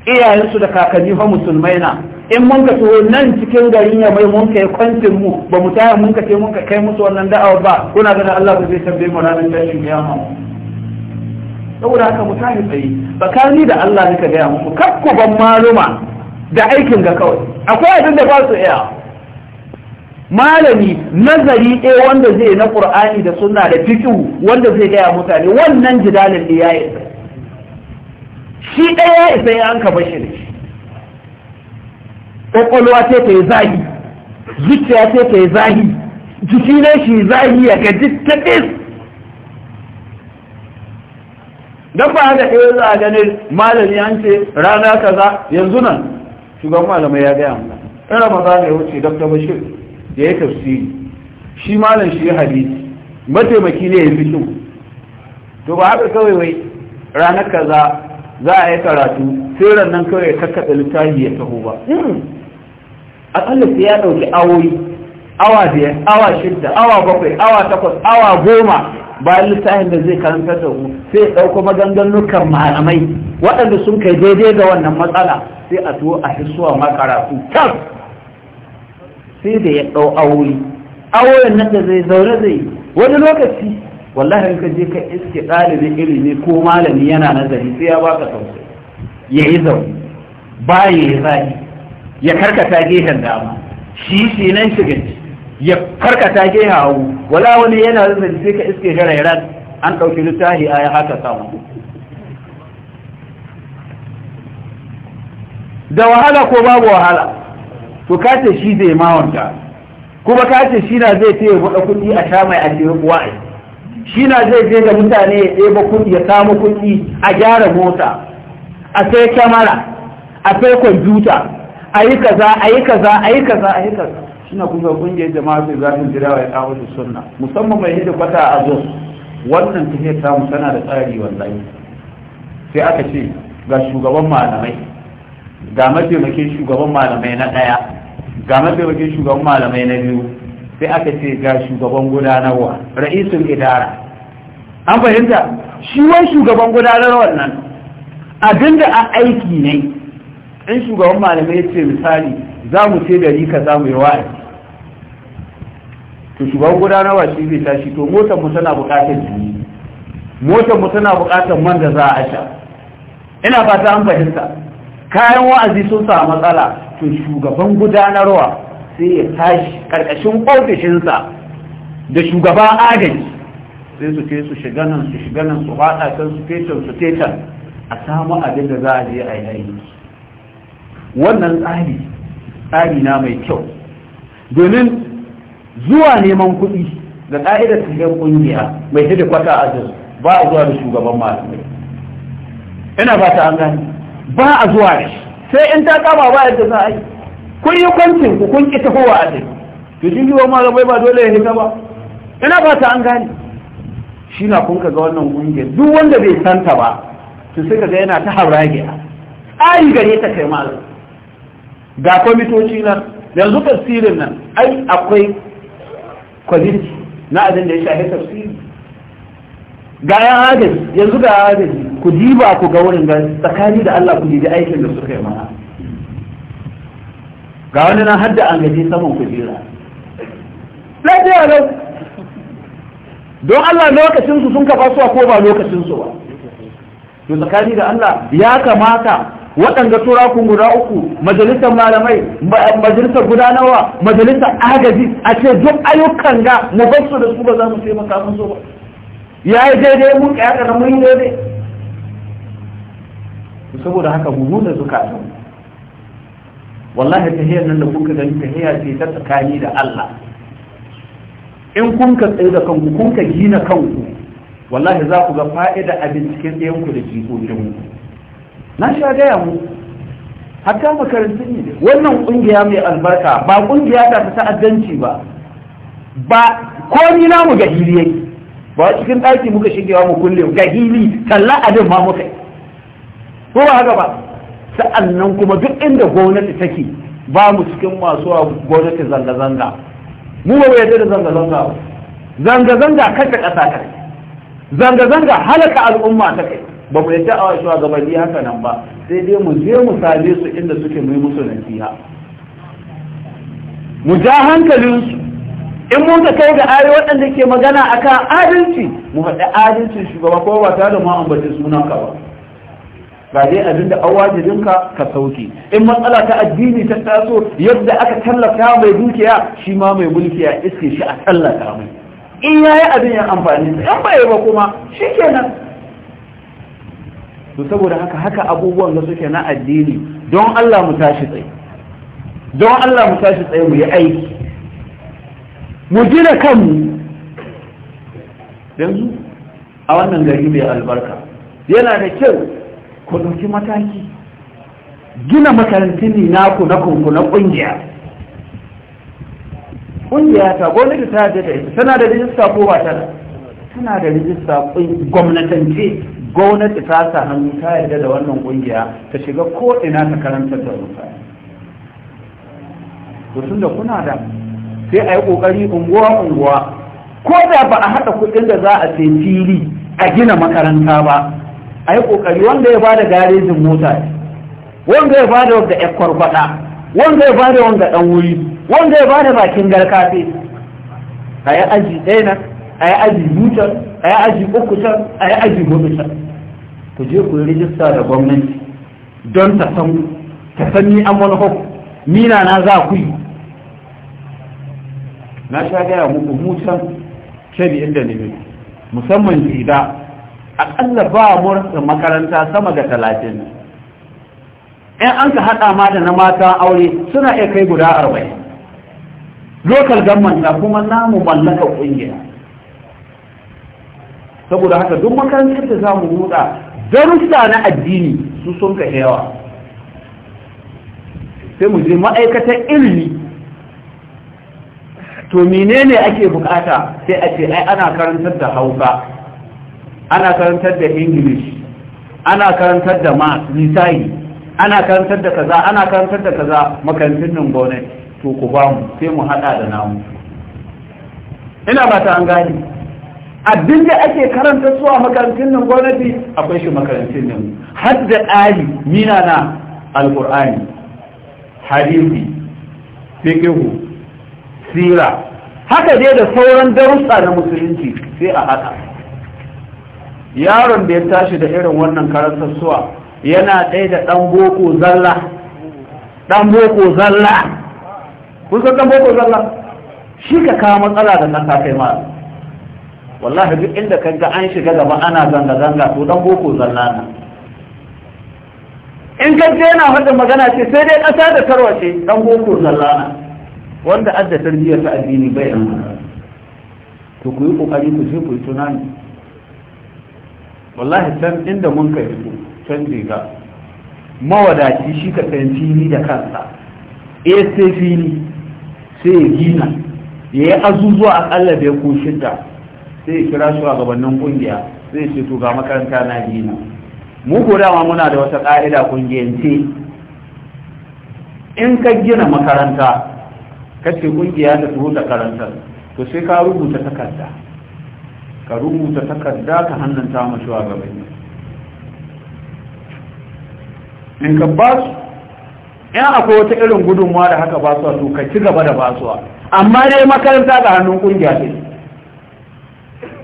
[SPEAKER 2] iyayensu da kakanni fa musulmai na in mun ka tuwo nan cikin garin ya mai mun kai kwantin mu ba mu taya mun ka ce mun ka kai musu wannan da'awar ba kuna ganin Allah ba zai tambaye mu ranar tashin kiyama saboda haka mu tashi tsaye tsakani da Allah ne ka gaya muku kakku ban maluma da aikin ga kawai akwai abin da ba su iya malami nazari ɗaya wanda zai na ƙur'ani da sunna da fiqhu wanda zai gaya mutane wannan jidalin da ya isa shi ɗaya ya isa ya anka bashi da shi ƙwaƙwalwa sai ta yi zahi zuciya sai ta yi zahi jiki ne shi zahi ya gaji ta da ba haka ɗaya za a ganin malami an ce rana kaza yanzu nan shugaban malamai ya gaya mu ɗan ramadan ya wuce dr bashir ya yi tafsiri shi malam shi ya hadisi mataimaki ne ya fi kyau to ba haka kawai wai ranar kaza za a yi karatu sai rannan kawai ya kakkaɗa littafi ya taho ba a akalla sai ya ɗauki awoyi awa biyar awa shidda awa bakwai awa takwas awa goma bayan littafin da zai karanta da mu sai ɗauko maganganukan malamai waɗanda sun kai daidai da wannan matsala sai a tuwo a hisuwa ma karatu tas sai da ya ɗau aure auren nan da zai zaure zai wani lokaci wallahi ka je ka iske ɗalibin ilimi ko malami yana nazari sai ya baka tausayi ya yi zaune bayan ya yi zaki ya karkata gehen dama shi shi nan shiga ya karkata gehen hagu wala wani yana nazari sai ka iske jarairan an ɗauki littafi a ya haka samu da wahala ko babu wahala to kace shi zai mawanta kuma kace shi na zai taya buɗe kudi a sha mai a cikin kuwa shi na zai je ga mutane ya ɗeba kudi ya samu kudi a gyara mota a sai kyamara a sai kwamfuta a yi kaza a yi kaza a yi kaza a yi kaza na kusa kungiyar jama'a sai zafin su jira wa ya kawo sunna musamman mai hidda kwata a zo wannan tafiyar samu tana da tsari wallahi sai aka ce ga shugaban malamai ga mataimakin shugaban malamai na ɗaya ga mataimakin shugaban malamai na biyu sai aka ce ga shugaban gudanarwa ra'isun idara an fahimta shi wani shugaban gudanarwar nan abinda a aiki ne in shugaban malamai ya ce misali za mu ce gari ka za mu yi wa'azi to shugaban gudanarwa shi zai tashi to motar mu tana buƙatar jini motar mu tana buƙatar man da za a sha ina fata an fahimta kayan wa'azi sun samu matsala to shugaban gudanarwa sai ya tashi karkashin ofishinsa da shugaba agaji sai su ke su shiga nan su shiga nan su hada kan su fetan su fetan a samu abin da za a je a yi wannan tsari tsari na mai kyau domin zuwa neman kuɗi ga ƙa'idar cikin ƙungiya mai kwata a ba a zuwa da shugaban malamai ina ba ta an gani ba a zuwa da shi sai in ta kama ba yadda za a yi kun yi kwancin ku kun ki kowa a dai to jirgin ma bai ba dole ya hita ba ina ba ta an gane shi na kun kaga wannan kungiyar duk wanda bai santa ba to sai kaga yana ta haragiya ayi gare ta kai malam ga kwamitoci nan yanzu tafsirin nan ai akwai kwaliti na abin da ya shafi tafsiri ga yan agaji yanzu ga agaji ku diba ku ga wurin ga tsakani da Allah ku dibi aikin da suka yi mana ga wani nan hadda an gaji saman kujera lafiya ne don Allah lokacin su sun kafa suwa ko ba lokacin su ba to tsakani da Allah ya kamata waɗanda turakun guda uku majalisar malamai majalisar guda nawa majalisar agaji a ce duk ayyukan ga mu bar su da su ba za mu taimaka so ba ya yi daidai mun kayaka da mun yi daidai saboda haka mu nuna zukatan wallahi tahiyar nan da kuka gani tahiya ce ta tsakani da Allah in kun ka tsaye da kanku kun ka gina kanku wallahi za ku ga fa'ida a binciken ku da jikokin na sha gaya mu hatta makarantun ne wannan ƙungiya mai albarka ba ƙungiya ta ta'addanci ba ba komi namu ga hili yake ba cikin ɗaki muka shigewa mu kulle ga hili talla abin ma muka yi ko ba haka ba sa'annan kuma duk inda gwamnati take ba mu cikin masu gwamnati zanga-zanga mu ba yadda da zanga-zanga ba zanga-zanga kashe ƙasa kai zanga-zanga halaka al'umma ta kai ba mu yadda a shugabanni haka nan ba sai dai mu je mu same su inda suke mai musu nasiha mu ja hankalinsu in mun ka kai ga ayi waɗanda ke magana akan adalci mu haɗa adalcin shugaba ko ba tare da mu ambace sunan ka ba ga dai abin da an ka sauke in matsala ta addini ta taso yadda aka tallata mai dukiya shi ma mai mulki iske shi a tallata mai in yayi abin ya amfani in bai ba kuma shikenan to saboda haka haka abubuwan da suke na addini don Allah mu tashi tsaye don Allah mu tashi tsaye mu yi aiki mu gina kanmu yanzu a wannan gari mai albarka yana da kyau ku ɗauki mataki gina makarantun ne naku na kunku na ƙungiya ƙungiya ta gwamnati ta je ta isa tana da rijista ko ba tana tana da rijista gwamnatance gwamnati ta sa hannu ta yarda da wannan ƙungiya ta shiga ko ina ta karanta da mutane to tunda kuna da sai a yi ƙoƙari unguwa unguwa ko da ba a haɗa kuɗin da za a sai fili a gina makaranta ba a yi ƙoƙari wanda ya bada garejin mota wanda ya bada wanda ya kwarkwada wanda ya bada wanda ɗan wuri wanda ya bada bakin garkafe a yi aji ɗaya na a yi aji mutar a yi aji uku a yi aji hudu ku je ku yi rijista da gwamnati don ta san ta san ni an wani hukum mina na za ku yi na sha gaya muku mutan shabi inda ne musamman jida aƙalla ba murka makaranta sama ga talatin ‘yan an ka haɗa ma da na mata aure suna iya kai guda arba'in lokal gamman na kuma namu mallaka ƙungiya saboda haka duk makarantar da za mu buɗa darussa na addini su sun ka yawa sai mu je ma'aikatar ilimi to menene ake bukata sai a ce ai ana karantar da hauka. ana karantar da english ana karantar da ma lisani ana karantar da kaza ana karantar da kaza makarantun nan gwamnati to ku ba mu sai mu hada da namu ina ba ta an gani abin da ake karanta su a makarantun nan gwamnati akwai shi makarantun nan har da ali mina na alqur'ani hadisi fiqhu sira haka dai da sauran darussa na musulunci sai a haka yaron da ya tashi da irin wannan suwa, yana ɗaya da ɗan boko zalla ɗan boko zalla kusan ɗan boko zalla shi ka kawo matsala da ƙasa kai ma wallahi duk inda ka ga an shiga gaba ana zanga-zanga to ɗan boko zalla na in ka je yana faɗin magana ce sai dai ƙasa da tarwace ɗan boko zalla na wanda adda tarbiyyar ta addini bai ɗan to ku yi ƙoƙari ku je ku yi tunani wallahi can inda mun ka su can riga mawadaci shi ka san fili da kansa e sai fili sai ya gina ya yi azuzuwa da ya ko shidda sai ya kira shi a gabanin kungiya sai ce to ga makaranta na gina mu ko dama muna da wata ka'ida kungiyance in ka gina makaranta kace kungiya da turo da karanta to sai ka rubuta takarda ka rubuta takarda ka hannanta ma shugabanni in ka ba su in akwai wata irin gudunmuwa da haka ba su to ka ci gaba da ba su amma dai makaranta ga hannun kungiya ce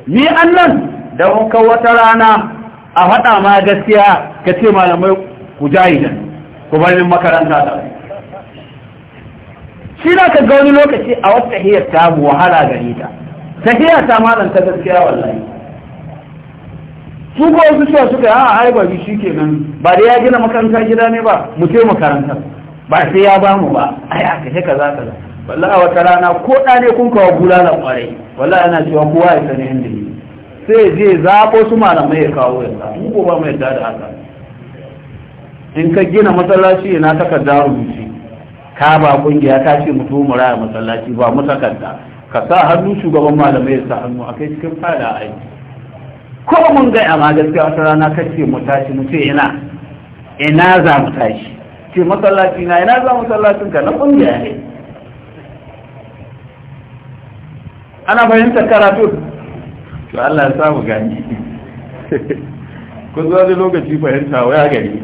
[SPEAKER 2] ni annan da wanka wata rana a faɗa ma gaskiya ka ce malamai ku jayi nan ku bar min makaranta da shi na ka ga wani lokaci a wata hiyar ta wahala gare ta tahiya ta malam ta gaskiya wallahi su ko su cewa suka a ai ba shi nan ba da ya gina makaranta gida ne ba mu ce makaranta ba sai ya ba mu ba ai aka ce kaza kaza wallahi a wata rana ko da ne kun kawo na kwarai wallahi ana cewa kowa ya sani inda ne sai je zaɓo su malamai ya kawo ya sa mu ko ba mu yadda da haka in ka gina masallaci ina takarda rubuci ka ba kungiya ta ce mu tumura masallaci ba mu takarda ka sa hannu shugaban malamai ya sa hannu a kai cikin fada a yi ko mun gaya ma gaskiya wata rana kace mu tashi mu ce ina ina za mu tashi ce masallaci na ina za mu sallacin ka na kungiya ne ana fahimtar karatu to Allah ya samu gani ko zuwa lokaci fahimta waya gari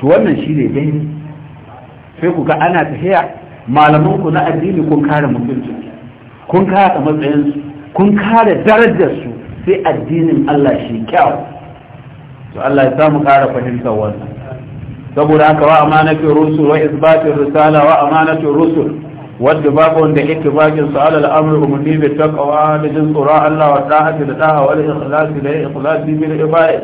[SPEAKER 2] to wannan shi ne dai sai ku ga ana tafiya malamanku ku na addini kun kare mutunci kun kare matsayinsu kun kare darajarsu sai addinin Allah shi kyau to Allah ya samu kara fahimtar wannan saboda haka wa amanatin rusul wa isbatin risala wa amanatin rusul wadda babu wanda yake bakin su alal amru ummi bi taqwa da jin tsura Allah wa ta'ati da taha wal ikhlasi da ikhlasi bil ibadi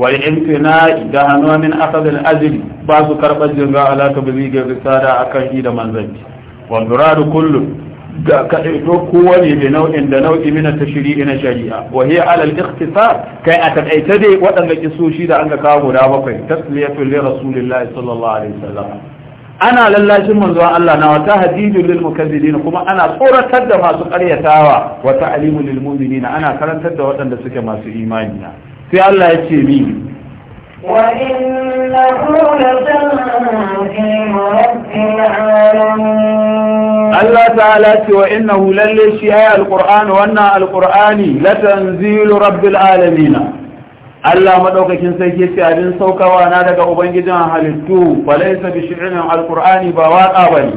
[SPEAKER 2] wal imtina'i da hanwa min akhadh al ajri ba su karbar jinga alaka bi ga risala akan yi da manzanci wal duradu kullu da kaɗaito kowane da nau'in da nau'i mina ta shiri ina shari'a wa hiya alal ikhtisar kai a taƙaice dai waɗanda kisoshi da an ga kawo guda bakwai tasliyatu li rasulillah sallallahu alaihi wasallam ana lallashin manzo Allah na wata hadidu lil mukazzibin kuma ana tsoratar da masu ƙaryatawa wa ta'limu lil mu'minina ana karantar da waɗanda suke masu imani na sai Allah ya ce ni wa
[SPEAKER 3] innahu la tanzilu
[SPEAKER 2] Allah ta ce wa innahu lalle shi ayi alqur'ani wannan alqur'ani la tanzilu rabbil alamin Allah madaukakin sarki ce abin saukawa na daga ubangijin halittu walaysa bi shi'rin alqur'ani ba waqa bane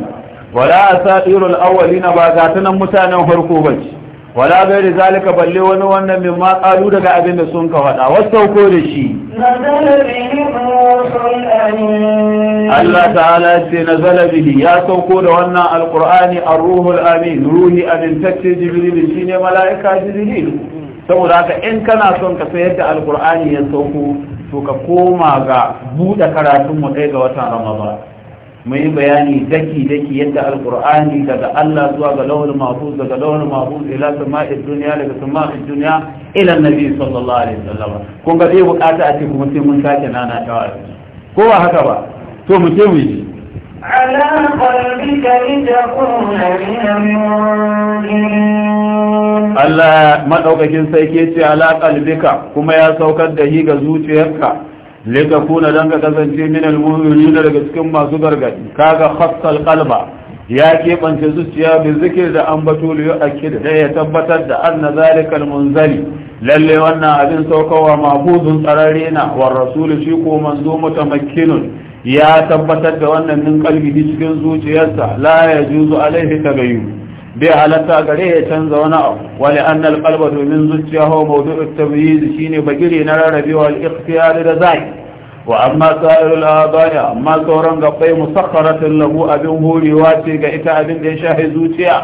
[SPEAKER 2] wala asatirul na ba gatanan mutanen farko bace wala bai da zalika balle wani wannan min matsalu daga abin da sun ka faɗa wasu sauko da shi
[SPEAKER 3] Allah ta'ala
[SPEAKER 2] ce na zalabili ya sauko da wannan alkur'ani a ruhul amin ruhi amintacce jibrilin shi ne mala'ika jibrilin saboda haka in kana son ka sayar da alkur'ani ya sauko to ka koma ga buɗe karatun mu ɗaya ga watan ramadan mun yi bayani daki daki yadda alkur'ani daga Allah zuwa ga lawal mahfuz daga lawal mahfuz ila sama'id Duniya, daga sama'id dunya ila annabi sallallahu alaihi wasallam kun ga zai bukata a ce kuma sai mun sake nana tawa ko ba haka ba to mu ce mu yi
[SPEAKER 3] على قلبك لتكون من المنذرين
[SPEAKER 2] Allah madaukakin sai ke ce ala qalbika kuma ya saukar da shi ga zuciyarka lika kuna don ka kasance min almu'minin daga cikin masu gargadi kaga khassal qalba ya kebance zuciya bi zikir da ambato liyo akid da ya tabbatar da anna zalika almunzali lalle wannan abin saukawa mabudun tsararre na war rasul shi ko manzo mutamakkinun ya tabbatar da wannan min kalbi cikin zuciyarsa la laifi alaihi tagayyur bai halatta gare ya canza wani abu wani annal kalba domin zuciya hau maudu tabiyiz shine bagire na rarrabewa al-ikhtiyar da zaki. wa amma sa'irul adaya amma sauran gabbai musakharatin lahu abin hurewa ce ga ita abin da ya shahi zuciya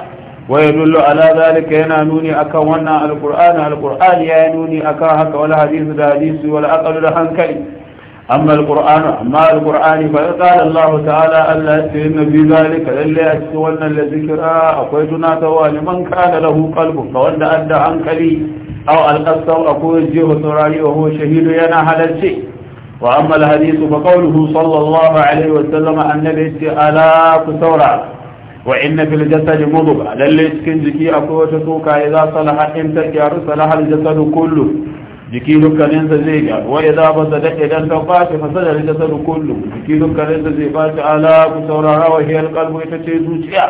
[SPEAKER 2] wa yadullu ala zalika yana nuni akan wannan alqur'ani alqur'ani ya nuni akan haka wal hadisi da hadisi wal aqlu da hankali amma alqur'ani amma alqur'ani fa qala Allah ta'ala Allah inna fi zalika lalle a cikin wannan la zikra akwai tunatarwa liman kana lahu qalbu ga wanda adda hankali aw alqasam akwai jihu saurari wa huwa shahidu yana halarci وأما الحديث فقوله صلى الله عليه وسلم النبي ألا كثورة وإن في الجسد مضغة للي تكن أقوى أكوة إذا صلح إن تكيار صلح الجسد كله جكي لك لنسى زيكا وإذا فسد إذا الفقاش فسد الجسد كله جكي لك لنسى زيكا ألا كثورة وهي القلب يتشيز وشيئا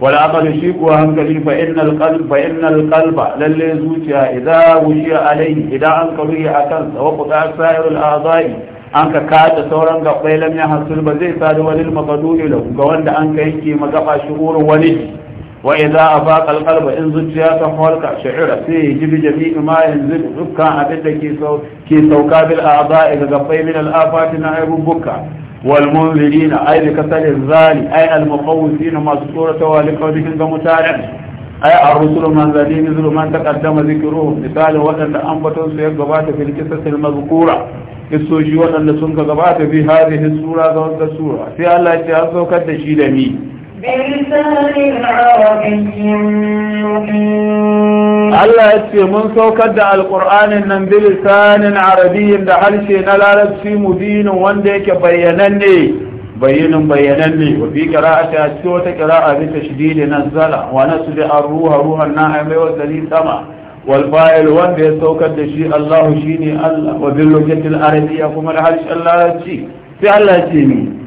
[SPEAKER 2] wal aqal shi kuwa hankali fa innal qalb fa innal qalba lalle zuciya idza wushiya idan an karuhi a sa wa quda sa'irul a'dha'i an ka kada sauran gabbai lam ya hasul ba zai sadu walil maqduri lahu ga wanda an ka yanke magaba shuhurun wani wa idza afaqa al qalba in zuciya ta halka sha'ira sai jibi jami'i ma yanzu dukkan abin da ke sauka bil a'dha'i ga gabbai min al afati na ayyubuka والمنذرين أي بكسر الذال أي المخوفين مسطورة ولقودهم كمتارع أي الرسل من ذلك مثل من تقدم ذكرهم مثال وأن أنبتهم سيقبات في القصص المذكورة السوجي وأن سنك قبات في هذه السورة ذو السورة في الله يتعزوك الدشيلني
[SPEAKER 3] بلسان عربي
[SPEAKER 2] Allah ya ce mun saukar da alƙur'anin nan bi lisanin arabiyyin da harshe na larabci mubinin wanda yake bayyananne bayyinin bayyananne wa fi qira'ati a cikin wata qira'a bi tashdidin nazala wa nasli ar-ruha ruhan na'im wa sali sama wal fa'il wanda ya saukar da shi Allah shine Allah wa bil lughati al-arabiyya kuma da harshen larabci sai Allah ya ce ni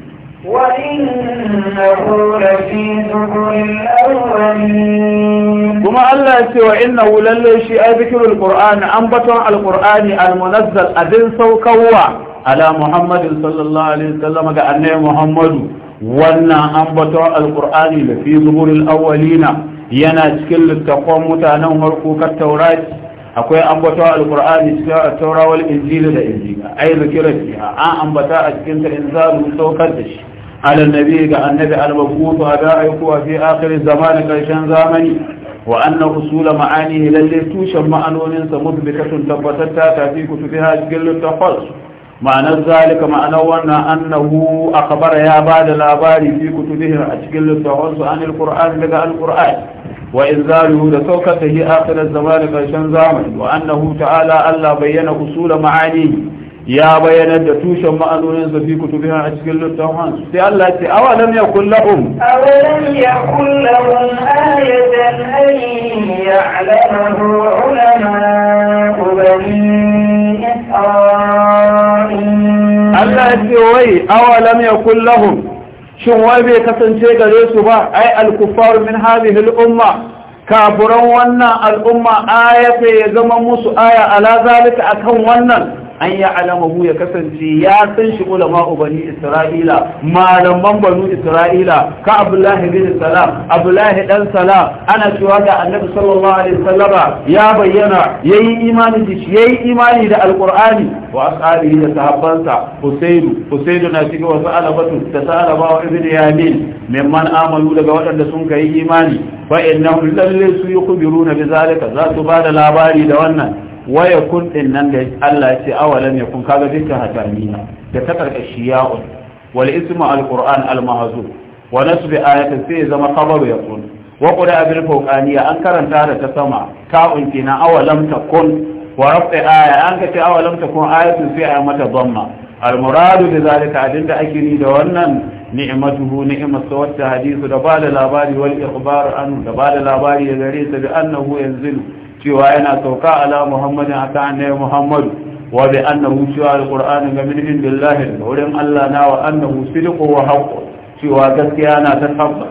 [SPEAKER 2] kuma Allah ya ce wa inna lalle shi ai zikirul qur'ani an baton alqur'ani almunazzal abin saukarwa ala muhammadin sallallahu alaihi wasallam ga annabi muhammadu wannan an baton da fi zuburin awwalina yana cikin littafon mutanen harko kar taurati akwai ambata alkur'ani cikin at-taura wal da injila ai zikira fiha an ambata a cikin ta mu saukar da shi على النبي النبي على مفهوم أدائه في آخر الزمان كيشان زامني وأن أصول معانيه للي توشم معنون مثبتة تبتتا تأتي كتبها جل التفل معنى ذلك معنى وأن أنه أخبر يا بعد الأبار في كتبه أشكل التفل عن القرآن لقاء القرآن وإنزاله لتوكة هي آخر الزمان كيشان زامني وأنه تعالى ألا بين أصول معانيه ya bayyana da tushen ma'anonin sa fi kutubiha a cikin littafin sai Allah ce awa lam yakul lahum
[SPEAKER 3] awalam yakul lahum ayatan an ya'lamahu ulama bani
[SPEAKER 2] Allah ce wai awa lam yakul lahum shin wai bai kasance gare su ba ai al-kuffar min hadhihi al-umma kafuran wannan al'umma ayata ya zama musu aya ala zalika akan wannan an yi alamahu ya kasance ya san shi ulama ubani isra'ila malaman banu isra'ila ka abdullahi bin salam abdullahi dan salam ana cewa da annabi sallallahu alaihi wasallama ya bayyana yayi imani da shi yayi imani da alqur'ani wa ashabihi da sahabbansa husainu husainu na cikin wasu alabatu da sa'alaba wa ibn yamin mimman amalu daga waɗanda sun kai imani fa innahum lalle su yukhbiruna bi zalika za su da labari da wannan waya kun din nan da Allah ya ce awalam yakun kaga dukkan hatamiya da ta karkashi ya'un wal ismu al qur'an al mahzu wa nasb ayatin sai zama khabaru yakun wa qura bil fawqaniya an karanta da ta sama ta'un kina awalam takun wa rafi aya an ka ce awalam takun ayatun sai ayi mata dhamma al muradu bi zalika abinda ake ni da wannan ni'matuhu ni'mat sawat hadisu da ba da labari wal ikhbar anhu da bada labari ya gare sa bi annahu yanzilu cewa yana sauka ala muhammadin aka annabi muhammadu wa bi annahu cewa alqur'ani ga min indillahi wurin Allah na wa annahu sidqu wa haqqu cewa gaskiya na ta tabbata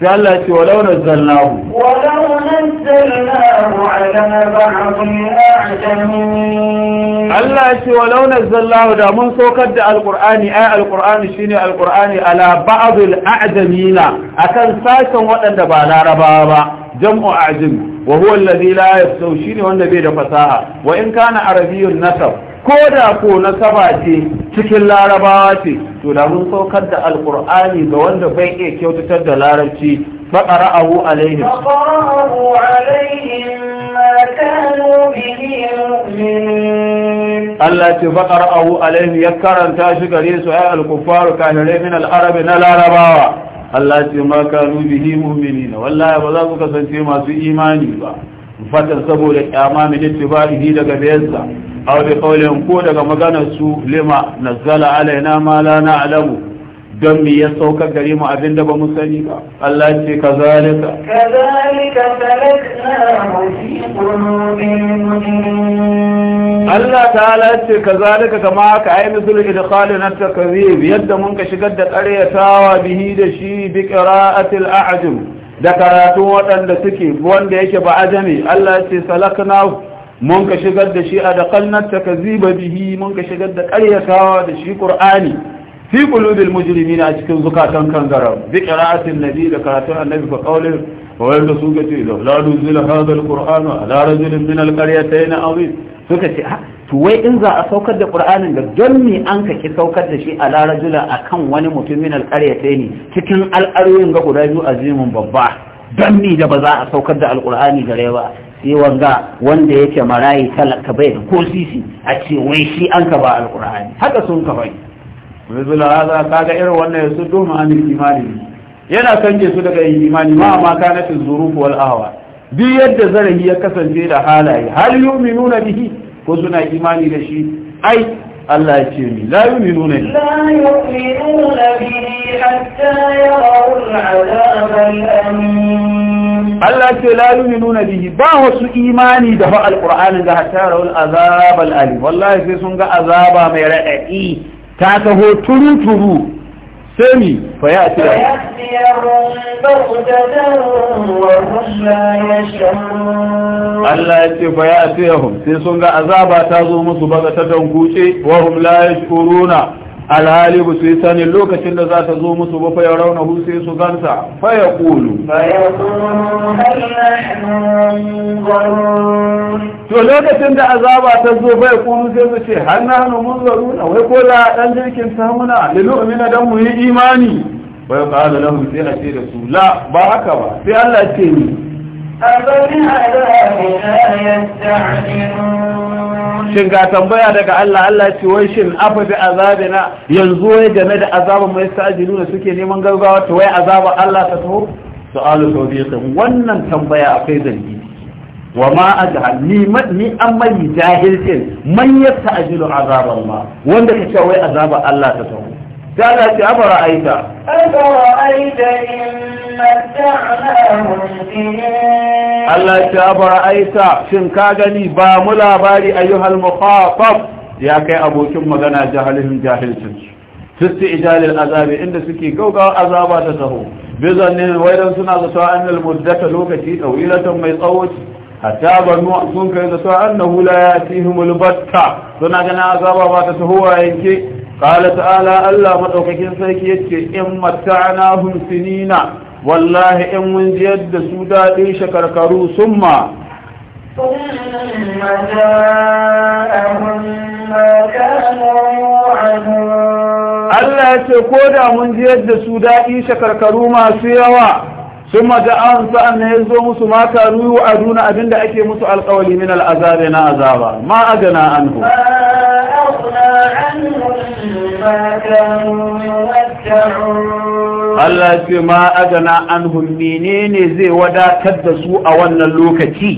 [SPEAKER 2] sai Allah ya ce wa law zallahu
[SPEAKER 3] wa law nazzalnahu ala ba'dhi a'jamin
[SPEAKER 2] Allah ce wa law zallahu da mun saukar da Alƙur'ani. alqur'ani Alƙur'ani shi ne Alƙur'ani ala ba'dhi al'ajamina akan sashen waɗanda ba larabawa ba jam'u a'jami wa huwa alladhi la yafsahu shine wanda bai da fasaha wa in kana arabiyyun nasab ko da ko nasaba ce cikin larabawa ce to da saukar da Alkur'ani ga wanda bai iya kyautatar da larabci faqara'ahu alaihim
[SPEAKER 3] faqara'ahu alaihim ma kanu bihi
[SPEAKER 2] mu'minin Allah ce faqara'ahu alaihim ya karanta shi gare su ay alkuffaru kafirai min al na larabawa Allah ce ma kanu bihi mu'minina wallahi ba za ku kasance masu imani ba fatan saboda kyama min ittibahi daga bayansa aw bi qawlin ko daga maganar su lima nazzala alaina ma la na'lamu don me ya sauka gare mu abin da ba mu sani ba Allah ce ka
[SPEAKER 3] zalika
[SPEAKER 2] Allah ta'ala ce ka zalika kama ka ayi misul idkhal na takzib yadda mun ka shigar da qaryatawa bihi da shi bi qira'atil a'jum da karatu waɗanda suke wanda yake ba ajami Allah ce salakna mun ka shigar da shi a daqalna takziba bihi mun ka shigar da qaryatawa da shi qur'ani fi qulubil mujrimina a cikin zukatan kangaram bi qira'atin nabi da karatun annabi fa qawlin wa wanda su ga ce la nuzila hadha alquran ala rajulin min alqaryatayn azim suka ce ah to wai in za a saukar da qur'anin da don me an ka ki saukar da shi ala rajula akan wani mutum min alqaryatayn cikin al'ayoyin ga guda biyu azimin babba don me da ba za a saukar da alqur'ani gare ba sai wanga wanda yake marayi talaka bai ko sisi a ce wai shi an ka ba alqur'ani haka sun ka bai mithla hadha kaga irin wannan yasu dum an imani yana canje su daga imani ma ma kana fi zuruf wal ahwa bi yadda zarahi ya kasance da halaye hal yu'minuna bihi ko suna imani da shi ai Allah ya ce ni la yu'minuna
[SPEAKER 3] la yu'minuna bihi hatta yarau al'adab al-amin
[SPEAKER 2] Allah ce la yu'minuna bihi ba wasu imani da fa al-Qur'ani da hatta yarau al'adab al-alim wallahi sai sun ga azaba mai raɗaɗi ta taho turu-turu sai mi fa ya ci da Allah ya ce fa ya ce sai sun ga azaba ta zo musu baga ta dankuce wa hum la yashkuruna alhali ba su yi sani lokacin da za ta zo musu ba fa ya rauna hu sai su gansa fa ya kulu to lokacin da azaba ta zo fa ya kulu sai su ce har hannu mun zaru na wai ko da dan jirkin samuna da lu'mina dan mu yi imani fa ya qala lahu sai a ce da su la ba haka ba sai Allah ce
[SPEAKER 3] ni
[SPEAKER 2] shin ga tambaya daga Allah Allah ce wai shin afa bi azabina yanzu wai game da azabin mai sa'ajilu da suke neman gargawa to wai azaba Allah ta taho su'alu tawbiqin wannan tambaya akwai zargi wa ma ajhal ni ni amma jahilcin man yasta'jilu azaban ma, wanda kace wai azaba Allah ta taho قال أفرأيت
[SPEAKER 3] أفرأيت إن متعناهم سنين
[SPEAKER 2] الله أفرأيت شنكاغني باملا باري أيها المخاطب يا كي أبو كم مغنى جهلهم جاهل سنش في استئجال الأذاب عند سكي كوكا أذابا تسهو بظن ويرن سنة ذاتوا أن المدة لوكتي طويلة ميطوت حتى بنوا سنك ذاتوا أنه لا يأتيهم البتة سنة جنا أذابا تسهو وإنكي قال تعالى الله مدوكين سيكي يتكي إن متعناهم سنين والله إن من زيد سودا دي شكركرو ثم
[SPEAKER 3] ثم جاءهم ما كانوا
[SPEAKER 2] يوعدون Allah ya ce ko da mun ziyar da su daɗi shakarkaru masu yawa sun mata an sa'an na ya zo musu maka, kanu a duna abinda ake musu alkawali min al'azabe na azaba ma agana an hu Allah ce ma agana an hu menene zai wadatar da su a wannan lokaci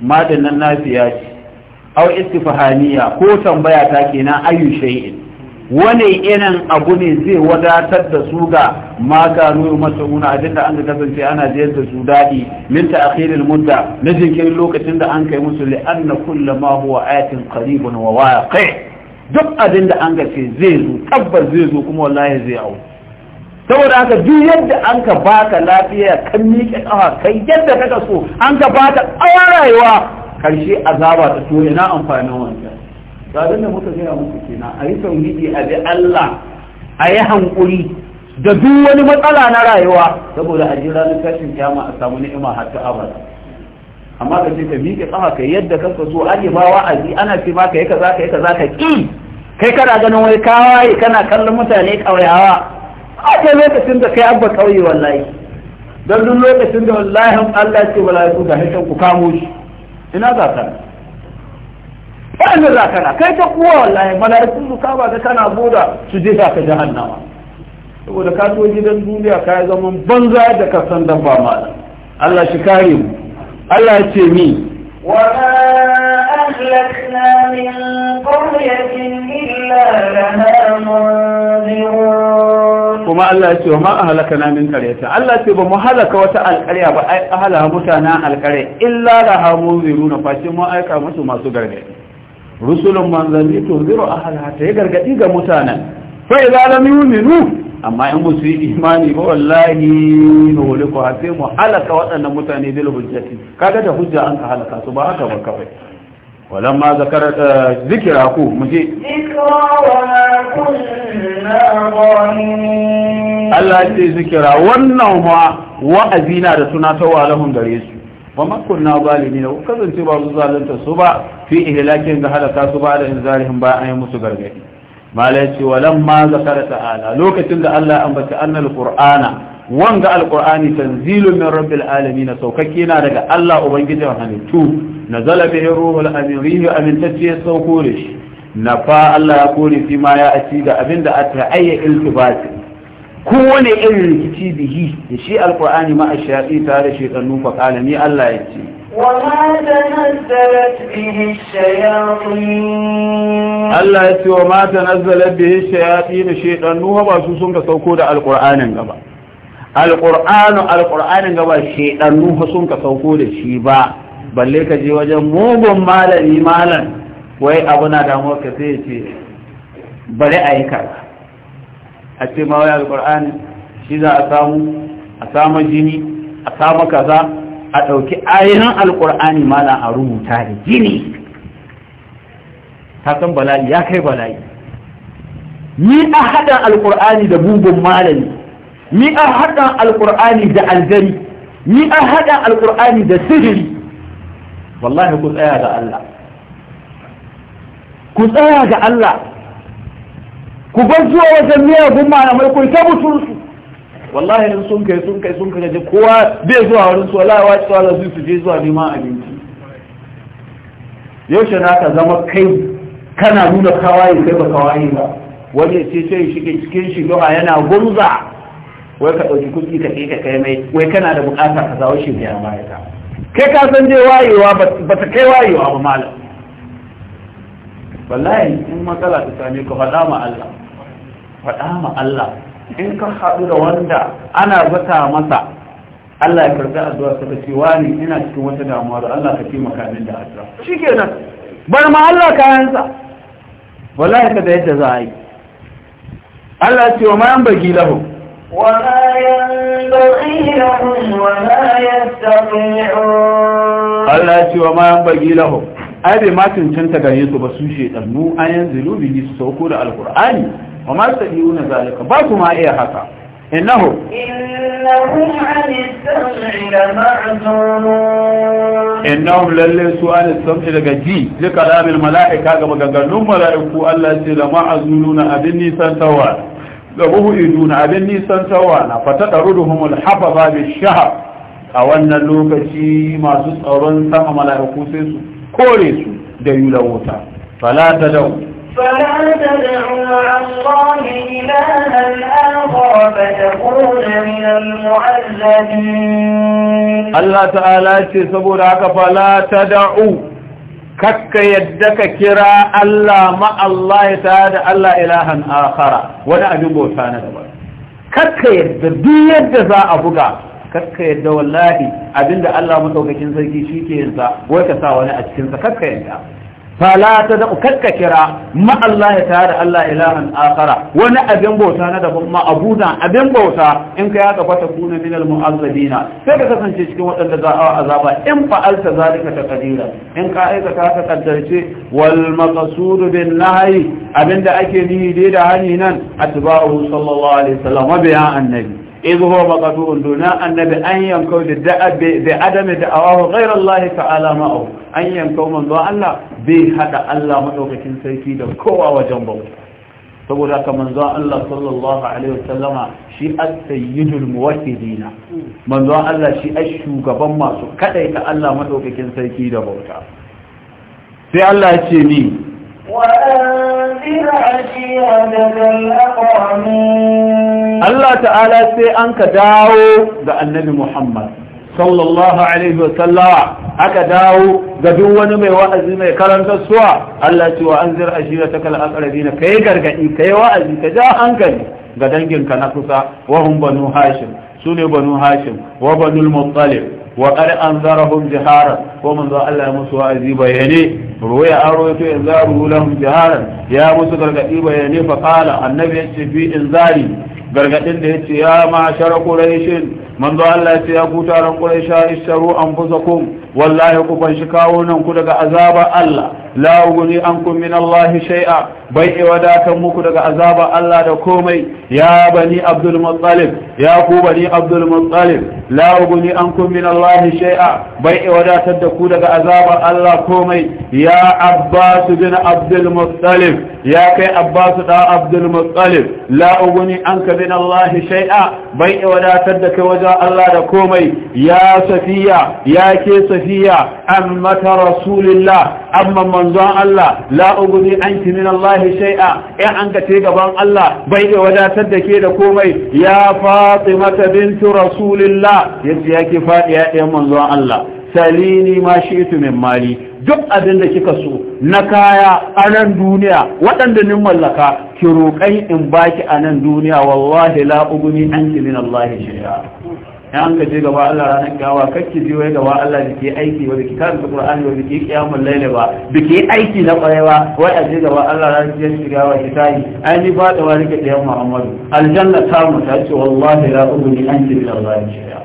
[SPEAKER 2] ma da nafiya ce au istifahaniya ko tambaya ta kenan ayu shay'in wani irin abu ne zai wadatar da su ga maganu masaruna da an ga kasance ana ziyar da su daɗi min ta'khiril mudda na jinkirin lokacin da an kai musu li anna kullu ma huwa ayatin qaribun wa kai. duk abin da an gace zai zo tabbas zai zo kuma wallahi zai au saboda haka duk yadda an ka baka lafiya kan miƙe ƙafa kai yadda kaka so an ka baka tsawon rayuwa karshe azaba ta to ina amfanin wancan tsarin da muka gaya muku kenan a yi tauhidi a bi Allah a yi hankuri da duk wani matsala na rayuwa saboda a ji ranar tashin kyama a samu ni'ima har abada amma ka ce ka miƙe tsaha ka yadda kanka so an ba wa'azi ana ce ma ka yi kaza ka yi kaza ka ki kai kana ganin wai kawaye kana kallon mutane ƙauyawa a ce lokacin da kai abba ƙauye wallahi don duk lokacin da wallahi Allah ce wala ku ga hashen ku kamo shi ina za ka wani za kana kai ta kuwa wallahi sun su kaba da kana buda su je za ka jahannama saboda ka zo gidan duniya ka yi zaman banza da ka san dan ba mala Allah shi kare mu Allah ya ce ni
[SPEAKER 3] wa ahlakna min qaryatin illa lana munzirun
[SPEAKER 2] kuma Allah ya ce ma ahlakna min qaryatin Allah ce ba mu halaka wata alƙarya ba ai ahla mutana alƙarya illa lana munziruna fa mu aika musu masu gargadi رسل من ذلك تنذر أهلها تيقر قديقة مسانا فإذا لم يؤمنوا أما يمسي إيماني والله نغلق حكيم وحلق وأن متاني ذي الهجة كذا هجة أنت حلقة سبعك وكوي ولما ذكرت آه، ذكر أخوه مجي
[SPEAKER 3] ذكرى وما كنا ظالمين الله يتي
[SPEAKER 2] ذكرى وأنهما وأذينا رسنا سوى لهم دريسي wa makon na ko kasance ba su zalunta su ba fi ihlakin ga halaka su ba da inzarihim ba an yi musu gargadi malai ce ma zakara ta'ala lokacin da Allah ambata annal qur'ana wanga alqur'ani tanzilu min rabbil alamin saukakke na daga Allah ubangijin halittu nazala bihi ruhul amin amin tace sauko da shi nafa Allah ya kore fi ma ya aci ga abinda a ta'ayya iltibati kowane irin rikici bihi da shi alkur'ani ma a shaɗi tare da shekannu fa kalami Allah ya ce Allah ya ce wa ma tanazzalat bihi shayatin shedannu ba su sun ka sauko da alkur'anin gaba alkur'anu alkur'anin gaba shedannu fa sun ka sauko da shi ba balle ka je wajen mugun malami malam wai abu na damuwa ka sai ya ce bari a yi kaza a ce ma waya alqur'ani shi za a samu a samu jini a samu kaza a ɗauki ayoyin alqur'ani malam a rubuta da jini ta bala'i ya kai bala'i ni a haɗa alqur'ani da bugun malami ni a haɗa alqur'ani da aljari ni a haɗa alqur'ani da sihiri wallahi ku tsaya ga Allah ku tsaya ga Allah ku bar zuwa wajen miyagun malamai ku ta mutunsu wallahi in sun kai sun kai sun kai kowa bai zuwa wurin su wallahi wa tsawala su je zuwa neman abinci yaushe na ka zama kai kana nuna kawai kai ba kawai ba wani ya ce sai ke cikin shi doha yana gunza wai ka ɗauki kuɗi ka kai ka kai mai wai kana da bukata ka zawo shi biya ma ya kai ka san je wayewa ba ta kai wayewa ba malam wallahi in matsala ta same ka faɗa ma Allah faɗa ma Allah in ka haɗu da wanda ana zata masa Allah ya karɓi addu'a ta ce wani ina cikin wata damuwa da Allah ka taimaka min da addu'a shikenan bar ma Allah kayansa wallahi ka da yadda za a yi Allah ce wa ma yan bagi lahu وما
[SPEAKER 3] ينبغي لهم Allah ya
[SPEAKER 2] ce wa وما ينبغي lahu. ai bai ma cancanta gare su ba su shedannu ayan zilubi su sauko da alkur'ani wa ma na zalika ba su ma iya haka innahu innahu lalle su an as-sam'i daga ji da kalamil mala'ika ga maganganun mala'iku Allah ce na abin nisan tawa ga buhu iduna abin nisan tawa na fata fatadaruhumul hafaza bi shahar. a wannan lokaci masu tsaron sama mala'iku sai su kore su da yula wuta fala ta dau
[SPEAKER 3] فلا تدعوا مع الله إلها آخر فتكون من المعذبين
[SPEAKER 2] الله تعالى سبحانه فلا تدعوا kakka yadda ka kira Allah ma'allah ya Allah ilahan akhara wani abin bauta na daban kakka yadda duk yadda za a buga kakka yadda wallahi abinda Allah madaukakin sarki shi ke yinsa wai ka sa wani a cikinsa kakka yadda fala ta da kakka kira ma Allah ya tare da Allah ilahan akara wani abin bauta na daban ma abin bauta in ka ya fata kuna min al mu'azzabina sai ka kasance cikin waɗanda za a azaba in fa'alta zalika taqdira in ka aikata ka kaddarce wal maqsud bin nahi ake nihi dai da hani nan sallallahu alaihi annabi إذ هو مقدور دون النبي أن ينكو بالدعاء بعدم دعواه غير الله تعالى معه an yanka manzo Allah bai hada Allah madaukakin sarki da kowa wajen bauta saboda haka manzo Allah sallallahu alaihi wasallama shi as-sayyidul muwahhidina manzo Allah shi ash-shugaban masu kadaita Allah madaukakin sarki da bauta sai Allah ya ce ni Allah ta'ala sai an ka dawo ga annabi Muhammad sallallahu alaihi wasallama aka dawo ga duk wani mai wa'azi mai karanta suwa Allah ce wa anzir ashirata kal aqrabina kai gargadi kai wa'azi ka ja hankali ga danginka na kusa wa hum banu hashim sune banu hashim wa banul muttalib wa qad anzarahum jihara ko za Allah ya musu wa'azi bayane ruwaya an ruwaito inzaru lahum jihara ya musu gargadi bayane fa qala annabi yace fi inzari gargadin da yace ya ma shara quraishin manzo Allah ya ce ya ku taron quraisha ishtaru anfusakum wallahi ku fanshi kawo nan ku daga azabar Allah la uguni ankum min Allah shay'a bai iwadatan muku daga azabar Allah da komai ya bani Abdul Muttalib ya ku bani Abdul Muttalib la uguni ankum min Allah shay'a bai iwadatar da ku daga azabar Allah komai ya Abbas bin Abdul Muttalib ya kai Abbas da Abdul Muttalib la uguni anka min Allah shay'a bai wadatar da kai wajen Allah da komai ya safiya ya ke safiya amma ta rasulillah amma manzon Allah la uguni anki min Allah shay'a in an gaban Allah bai wadatar da ke da komai ya mata bintu rasulillah yace yake fadi ya ɗayan manzon Allah salini ma shi'tu min mali duk abin da kika so na kaya a nan duniya waɗanda nin mallaka ki roƙai in baki a nan duniya wallahi la uguni an ki min Allah ya an ka je gaba Allah ranar gawa kakki je wai gaba Allah da ke aiki ba ki karanta Qur'ani ba ki kiyamul layl ba da ke aiki na kwaye ba wai a je gaba Allah ranar ke shiga wa hitayi ai ni ba da wani ka da Muhammadu aljanna ta mu ta ce wallahi la uguni an ki min Allah shay'a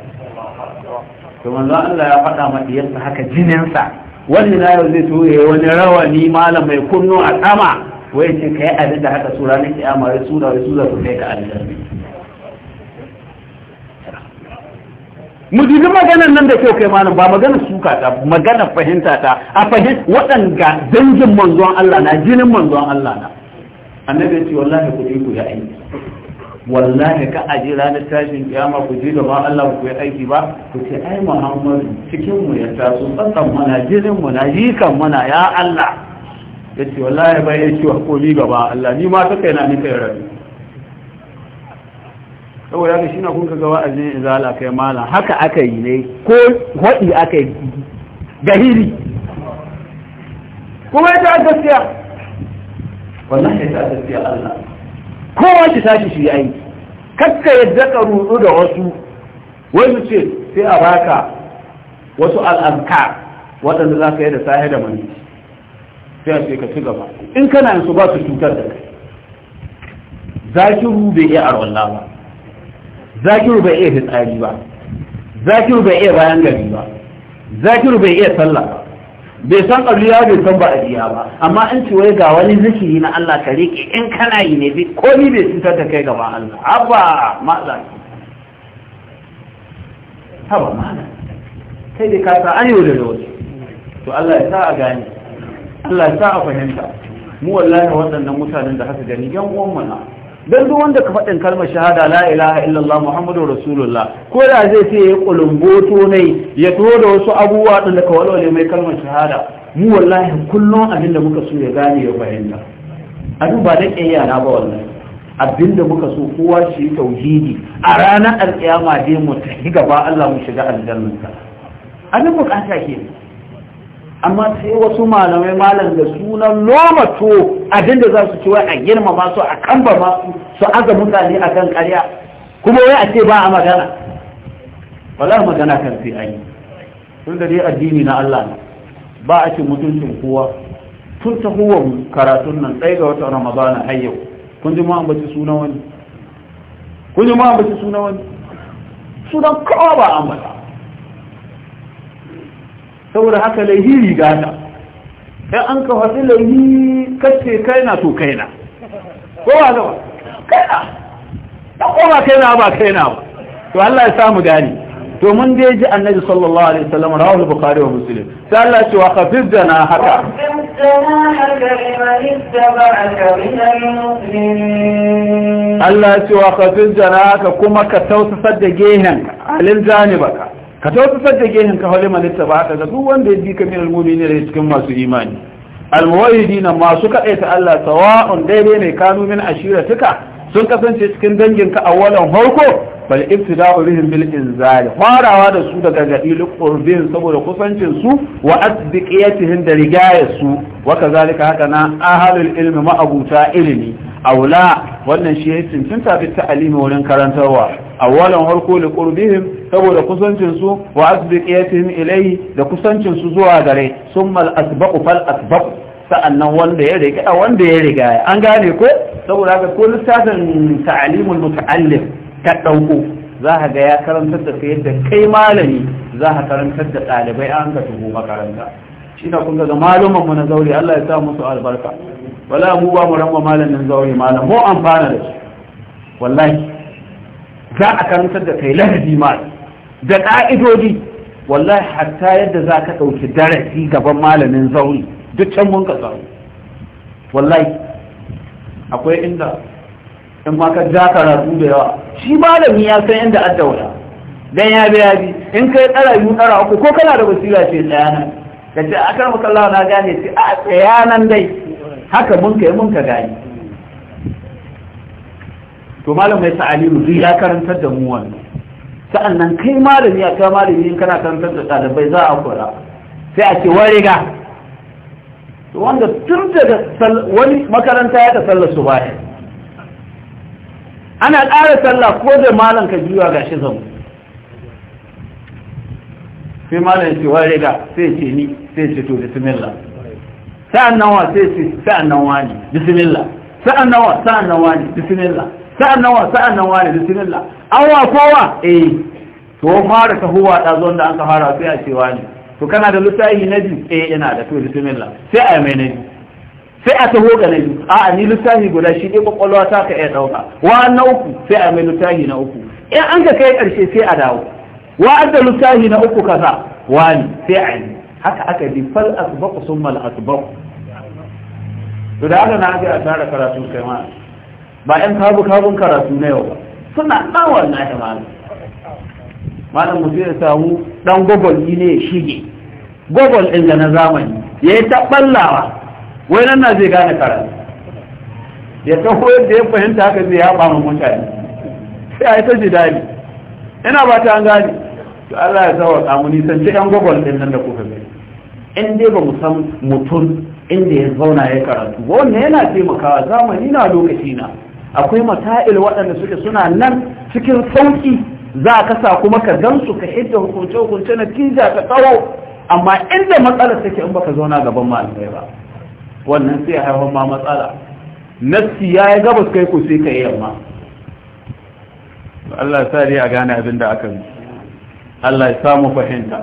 [SPEAKER 2] to manzo Allah ya faɗa ma diyarsa haka jininsa wani na yau zai tuye wani rawani malam mai kunno a sama wai ce kai abin da haka su ranar kiyama wai wai suna su kai ka aljanna mu dubi maganar nan da kyau kai malam ba maganar suka ta maganar fahimta ta a fahim waɗanda dangin manzon Allah na jinin manzon Allah na annabi ya ce wallahi ku ji ku yi aiki wallahi ka aje ranar tashin kiyama ku ji gaba Allah ku yi aiki ba ku ce ai Muhammadu cikin mu ya taso tsantsan mana jirin mu na jikan mana ya Allah yace wallahi bai ya ciwa ko ni gaba Allah ni ma kai na ni kai rabi saboda ga shi na kun ga wa'azin izala kai mala haka aka yi ne ko hodi aka yi gahiri kuma ita ta gaskiya wallahi ta gaskiya Allah kowa ki tashi shi aiki kakka yadda ka rudu da wasu wani ce sai a baka wasu al'anka waɗanda za ka yi da sahi da mani sai a ce ka ci gaba in kana yin su ba su cutar da kai zakiru bai iya arwalla ba zakiru bai iya fitsari ba zakiru bai iya bayan gari ba zakiru bai iya sallah ba bai san ƙabliya bai san ba ba'adiyya ba amma in ce wai ga wani zikiri na Allah ka riƙe in kana yi ne ko ni bai cutar da kai gaba Allah haba ma'aza haba ma'aza kai da kasa an yau da wasu to Allah ya sa a gane Allah ya sa a fahimta mu wallahi waɗannan mutanen da haka gani yan uwan mana don duk wanda ka faɗin kalmar shahada la ilaha illallah muhammadu rasulullah ko da zai sai ya kulumboto ne ya to da wasu abubuwa din da kawalwale mai kalmar shahada mu wallahi kullum abin da muka so ya gane ya fahimta abin ba ƴan yara ba wallahi abin da muka so kowa shi tauhidi a ranar alƙiyama dai mu ta gaba Allah mu shiga aljannanka abin bukata ke ne amma sai wasu malamai malam da sunan lomato abinda za su ci wai a girmama su a kamba masu su aza mutane a kan karya kuma wai a ce ba a magana wala magana kan sai an yi tun da dai addini na Allah ne ba a cin mutuncin kowa tun ta huwa karatun nan tsaye ga wata ramadana har yau kun ji ma bace sunan wani kun ji ma bace sunan wani sunan kowa ba ambata saboda haka laihi riga ta dan an ka faɗi laihi kace kaina to kaina ko ba zama kaina dan ko ba kaina ba kaina ba to Allah ya samu gani to mun dai ji annabi sallallahu alaihi wasallam rawahu bukhari wa muslim sai Allah ya ce wa khafizna haka Allah ya ce wa khafizna haka kuma ka tausasar da gehen alil janibaka ka tautasar da gehen ka hali malitta ba ka ga duk wanda ya bi ka min ne da cikin masu imani almuwahidina masu ta Allah sawa'un daidai ne kanu min ashiratuka sun kasance cikin dangin ka awwalan farko bal ibtida'u bihim bil inzal farawa da su daga gadi liqurbin saboda kusancin su wa asbiqiyatihim da rigaya su wa kazalika haka na ahlul ilmi ma abuta ilmi aula wannan shi ya cincinta bi ta'alimi wurin karantarwa awwalan harko liqurbihim saboda kusancin su wa asbiqiyatihim ilayhi da kusancin su zuwa gare summa al asbaqu fal asbaqu sa'annan wanda ya riga wanda ya riga an gane ko saboda haka ko littafin ta'alimul muta'allim ka ɗauko za ka ga ya karantar da kai yadda kai malami za ka karantar da ɗalibai an ka tuho makaranta shi na kun ga malumin mu na zaure Allah ya sa musu albarka wala mu ba mu ranwa malamin zaure malam mu amfana da shi wallahi za a karantar da kai lahadi ma da ƙa'idodi wallahi hatta yadda za ka ɗauki darasi gaban malamin zaure duk can mun ka samu wallahi akwai inda in ma ka ja karatu da yawa shi malami ya san inda addawa dan ya bi ya bi in kai tsara biyu tsara uku ko kana da basira ce tsaya nan ka ce a kan makallawa na gane ce a tsaya nan dai haka mun kai mun ka gani. to malam mai sa'alilu zai ya karantar da mu wannan sa'annan kai malami a kai malami in kana karantar da ɗalibai za a kura sai a ce wani riga wanda tun daga wani makaranta ya ta sallar su baya ana ƙara sallah ko da malam ka juya gashi zamu sai malam ce wa riga sai ce ni sai ce to bismillah sa'an nawa sai ce sa'an nawa ne bismillah sa'an nawa sa'an nawa ne bismillah sa'an nawa sa'an nawa ne bismillah wa kowa eh to fara ka huwa da zon da an ka fara sai a cewa ne to kana da littafi na biyu eh ina da to bismillah sai a mai na biyu sai a taho ga na biyu a ni littafi guda shi ne ƙwaƙwalwa ta ka iya ɗauka wa na uku sai a mai littafi na uku in an ka kai ƙarshe sai a dawo wa adda littafi na uku kaza wani sai a yi haka aka bi fal asbaq summa al asbaq to da haka na ga a tara karatu kai ma ba ƴan kabu kabun karatu na yau ba suna ɗan wannan ma malam mutum ya samu ɗan gogol ne ya shige gogol ɗin da na zamani ya yi ta wai nan na zai gane karatu ya ta koyar da ya fahimta haka zai haɓa ma mutane sai a yi ta shi dali ina ba ta an gane to Allah ya zawa kamu nisan ce yan gwagwal ɗin nan da kuka gani in dai ba mu san mutum inda ya zauna ya karatu wannan yana taimakawa zamani na lokaci na akwai mata'il waɗanda suke suna nan cikin sauki za a kasa kuma ka gamsu ka hidda hukunce hukunce na tija ka tsawo amma inda matsalar take in baka zauna gaban malamai ba wannan sai haifar ma matsala nassi ya yi gabas kai ku sai ka yi yamma Allah sa dai a gane abin da aka yi Allah ya samu fahimta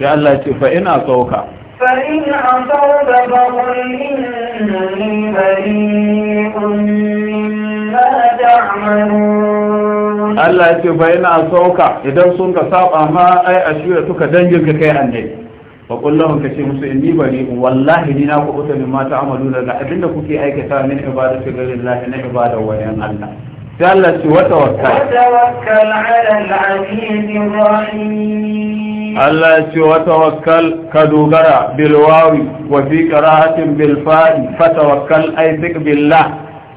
[SPEAKER 2] Ya Allah ce fa ina sauka
[SPEAKER 3] fa ina sauka ba inni bari'un mimma ta'malun
[SPEAKER 2] Allah ya ce fa ina sauka idan sun ka saba ma ai ashiya suka dangin ka kai annabi fa kullahum kace musu inni bari wallahi ni na ku uta mimma ta'malu daga abinda kuke aikata min ibadatu lillahi na ibada wa yan Allah sai ce wa tawakkal
[SPEAKER 3] tawakkal 'ala al-'azizir rahim
[SPEAKER 2] Allah ce wa tawakkal ka dogara bil wawi Bilfari, fata qira'atin bil billah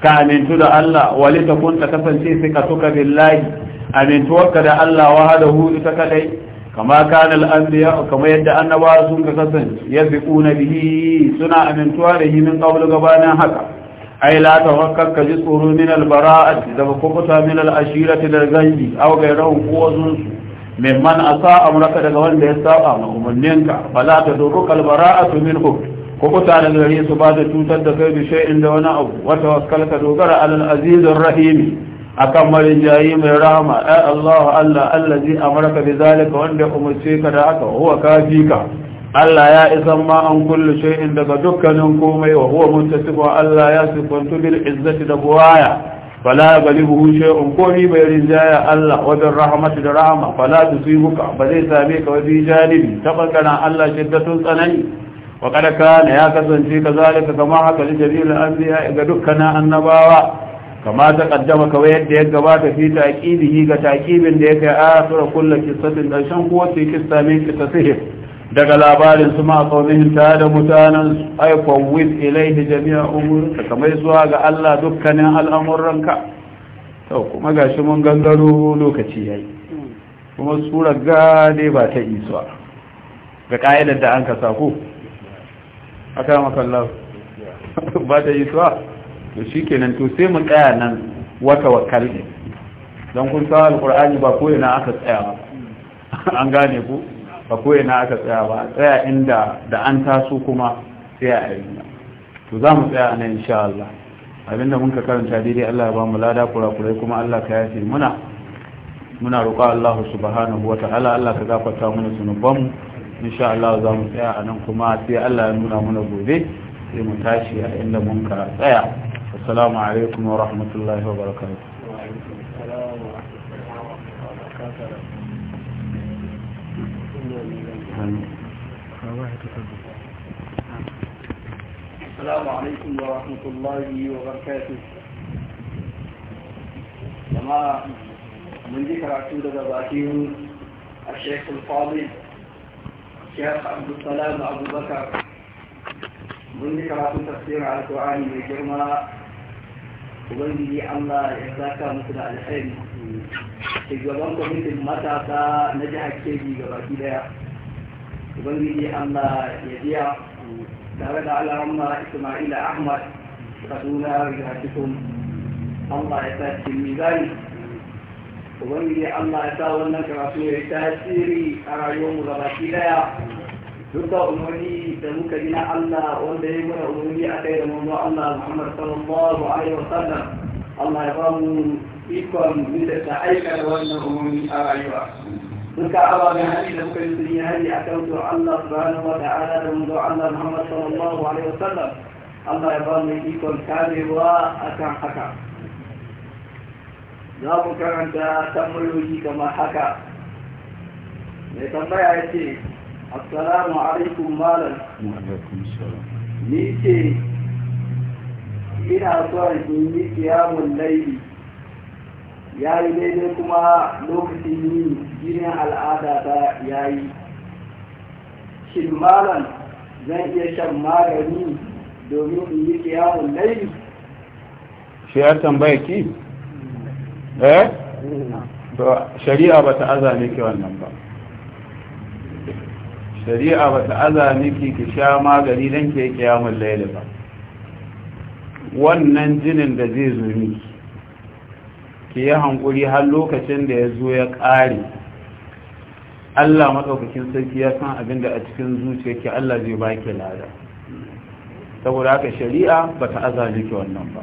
[SPEAKER 2] ka amintu da Allah wali ta kun kasance sai ka billahi amintuwarka da Allah wahadahu ta kaɗai. kama kana al'anbiya kama yadda annaba sun ka kasance yabiquna bihi suna amintuwa da shi min qablu gabanin haka ai la tawakkal ka ji tsoro min albara'ati daga kubuta min al'ashirati da gangi aw gairahum ko wazun su mimman asa amraka daga wanda ya saba ma umarninka fala tadurruka albara'atu minhum kubuta da gare su ba da cutar da kai da shay'in da wani abu wa tawakkal ka dogara alal azizir rahim akan marijayi mai rahama ai Allahu Allah allazi amarka bi zalika wanda umarce ka da haka huwa kafika Allah ya isan ma an kullu shay'in daga dukkanin komai wa huwa muntasifu Allah ya sifantu bil izzati da buwaya fala galibuhu shay'un komai bai rinjaya Allah wa bir rahmati da rahama fala tusibuka ba zai same ka wani janibi ta bangaren Allah shiddatun tsanani wa kada kana ya kasance kazalika kama haka li jami'il anbiya ga dukkanin annabawa kama ta kaddama kawai yadda ya gabata fi taqibihi ga taqibin da yake akhir kullu qissatin dan shan kuwa ce kissa min qissatihi daga labarin su ma qawlihin ta da mutanen ay qawwid ilayhi jami'a umurka kamar zuwa ga Allah dukkanin al'amuranka to kuma gashi mun gangaro lokaci yayi kuma ba ta isuwa ga ka'idar da an ka aka to shi kenan to sai mu tsaya nan wa ne don kun sa alkur'ani ba ko ina aka tsaya ba an gane ku ba ko ina aka tsaya ba tsaya inda da an taso kuma sai a yi to za mu tsaya nan insha Allah abinda mun ka karanta daidai Allah ya ba mu lada kurakurai kuma Allah ka yafe muna muna roƙa Allah subhanahu wata'ala Allah ka gafarta mana zunubanmu insha Allah za mu tsaya a nan kuma sai Allah ya nuna mana gobe sai mu tashi a inda mun ka tsaya السلام عليكم ورحمة الله وبركاته
[SPEAKER 1] وعليكم السلام ورحمة الله وبركاته السلام عليكم ورحمة الله وبركاته
[SPEAKER 2] كما من ذكر عتودة باكين الشيخ الفاضل الشيخ عبد السلام أبو بكر من ذكر تفسير على القرآن جرمنا ubangiji Allah ya saka musu da alheri shugaban kwamitin matasa na jihar keji ga baki daya ubangiji Allah ya biya tare da alhamma ismaila ahmad kaduna jihar cikin Allah ya sa cikin mizani ubangiji Allah ya sa wannan karatu ya yi tasiri a rayuwarmu ga baki daya duk da umarni da muka gina Allah wanda ya mana umarni a kai da mamu Allah Muhammad sallallahu alaihi wa sallam Allah ya ba mu ikon bisa ta aika da wannan umarni a rayuwa duka ababen hali da muka yi sun yi hali a kan zuwa Allah subhanahu wa ta'ala da mamu Allah Muhammad sallallahu alaihi wa sallam Allah ya ba mu ikon kamewa akan haka za mu karanta tambayoyi kamar haka mai tambaya ya ce assalamu alaikum malam ni ce ina so in yi kiyamun laili ya yi daidai kuma lokacin yin jinin al'ada ta ya yi shin malam zan iya shan magani domin in yi kiyamun laili shi ya tambaya ki eh shari'a ba ta azame ki wannan ba shari'a ba ta aza miki ki sha magani don ke kiyamun laili ba wannan jinin da zai zo miki ki yi hankuri har lokacin da ya zo ya ƙare Allah maɗaukakin sarki ya san abin da a cikin zuciyarki Allah zai ba ki lada saboda haka shari'a ba ta aza miki wannan ba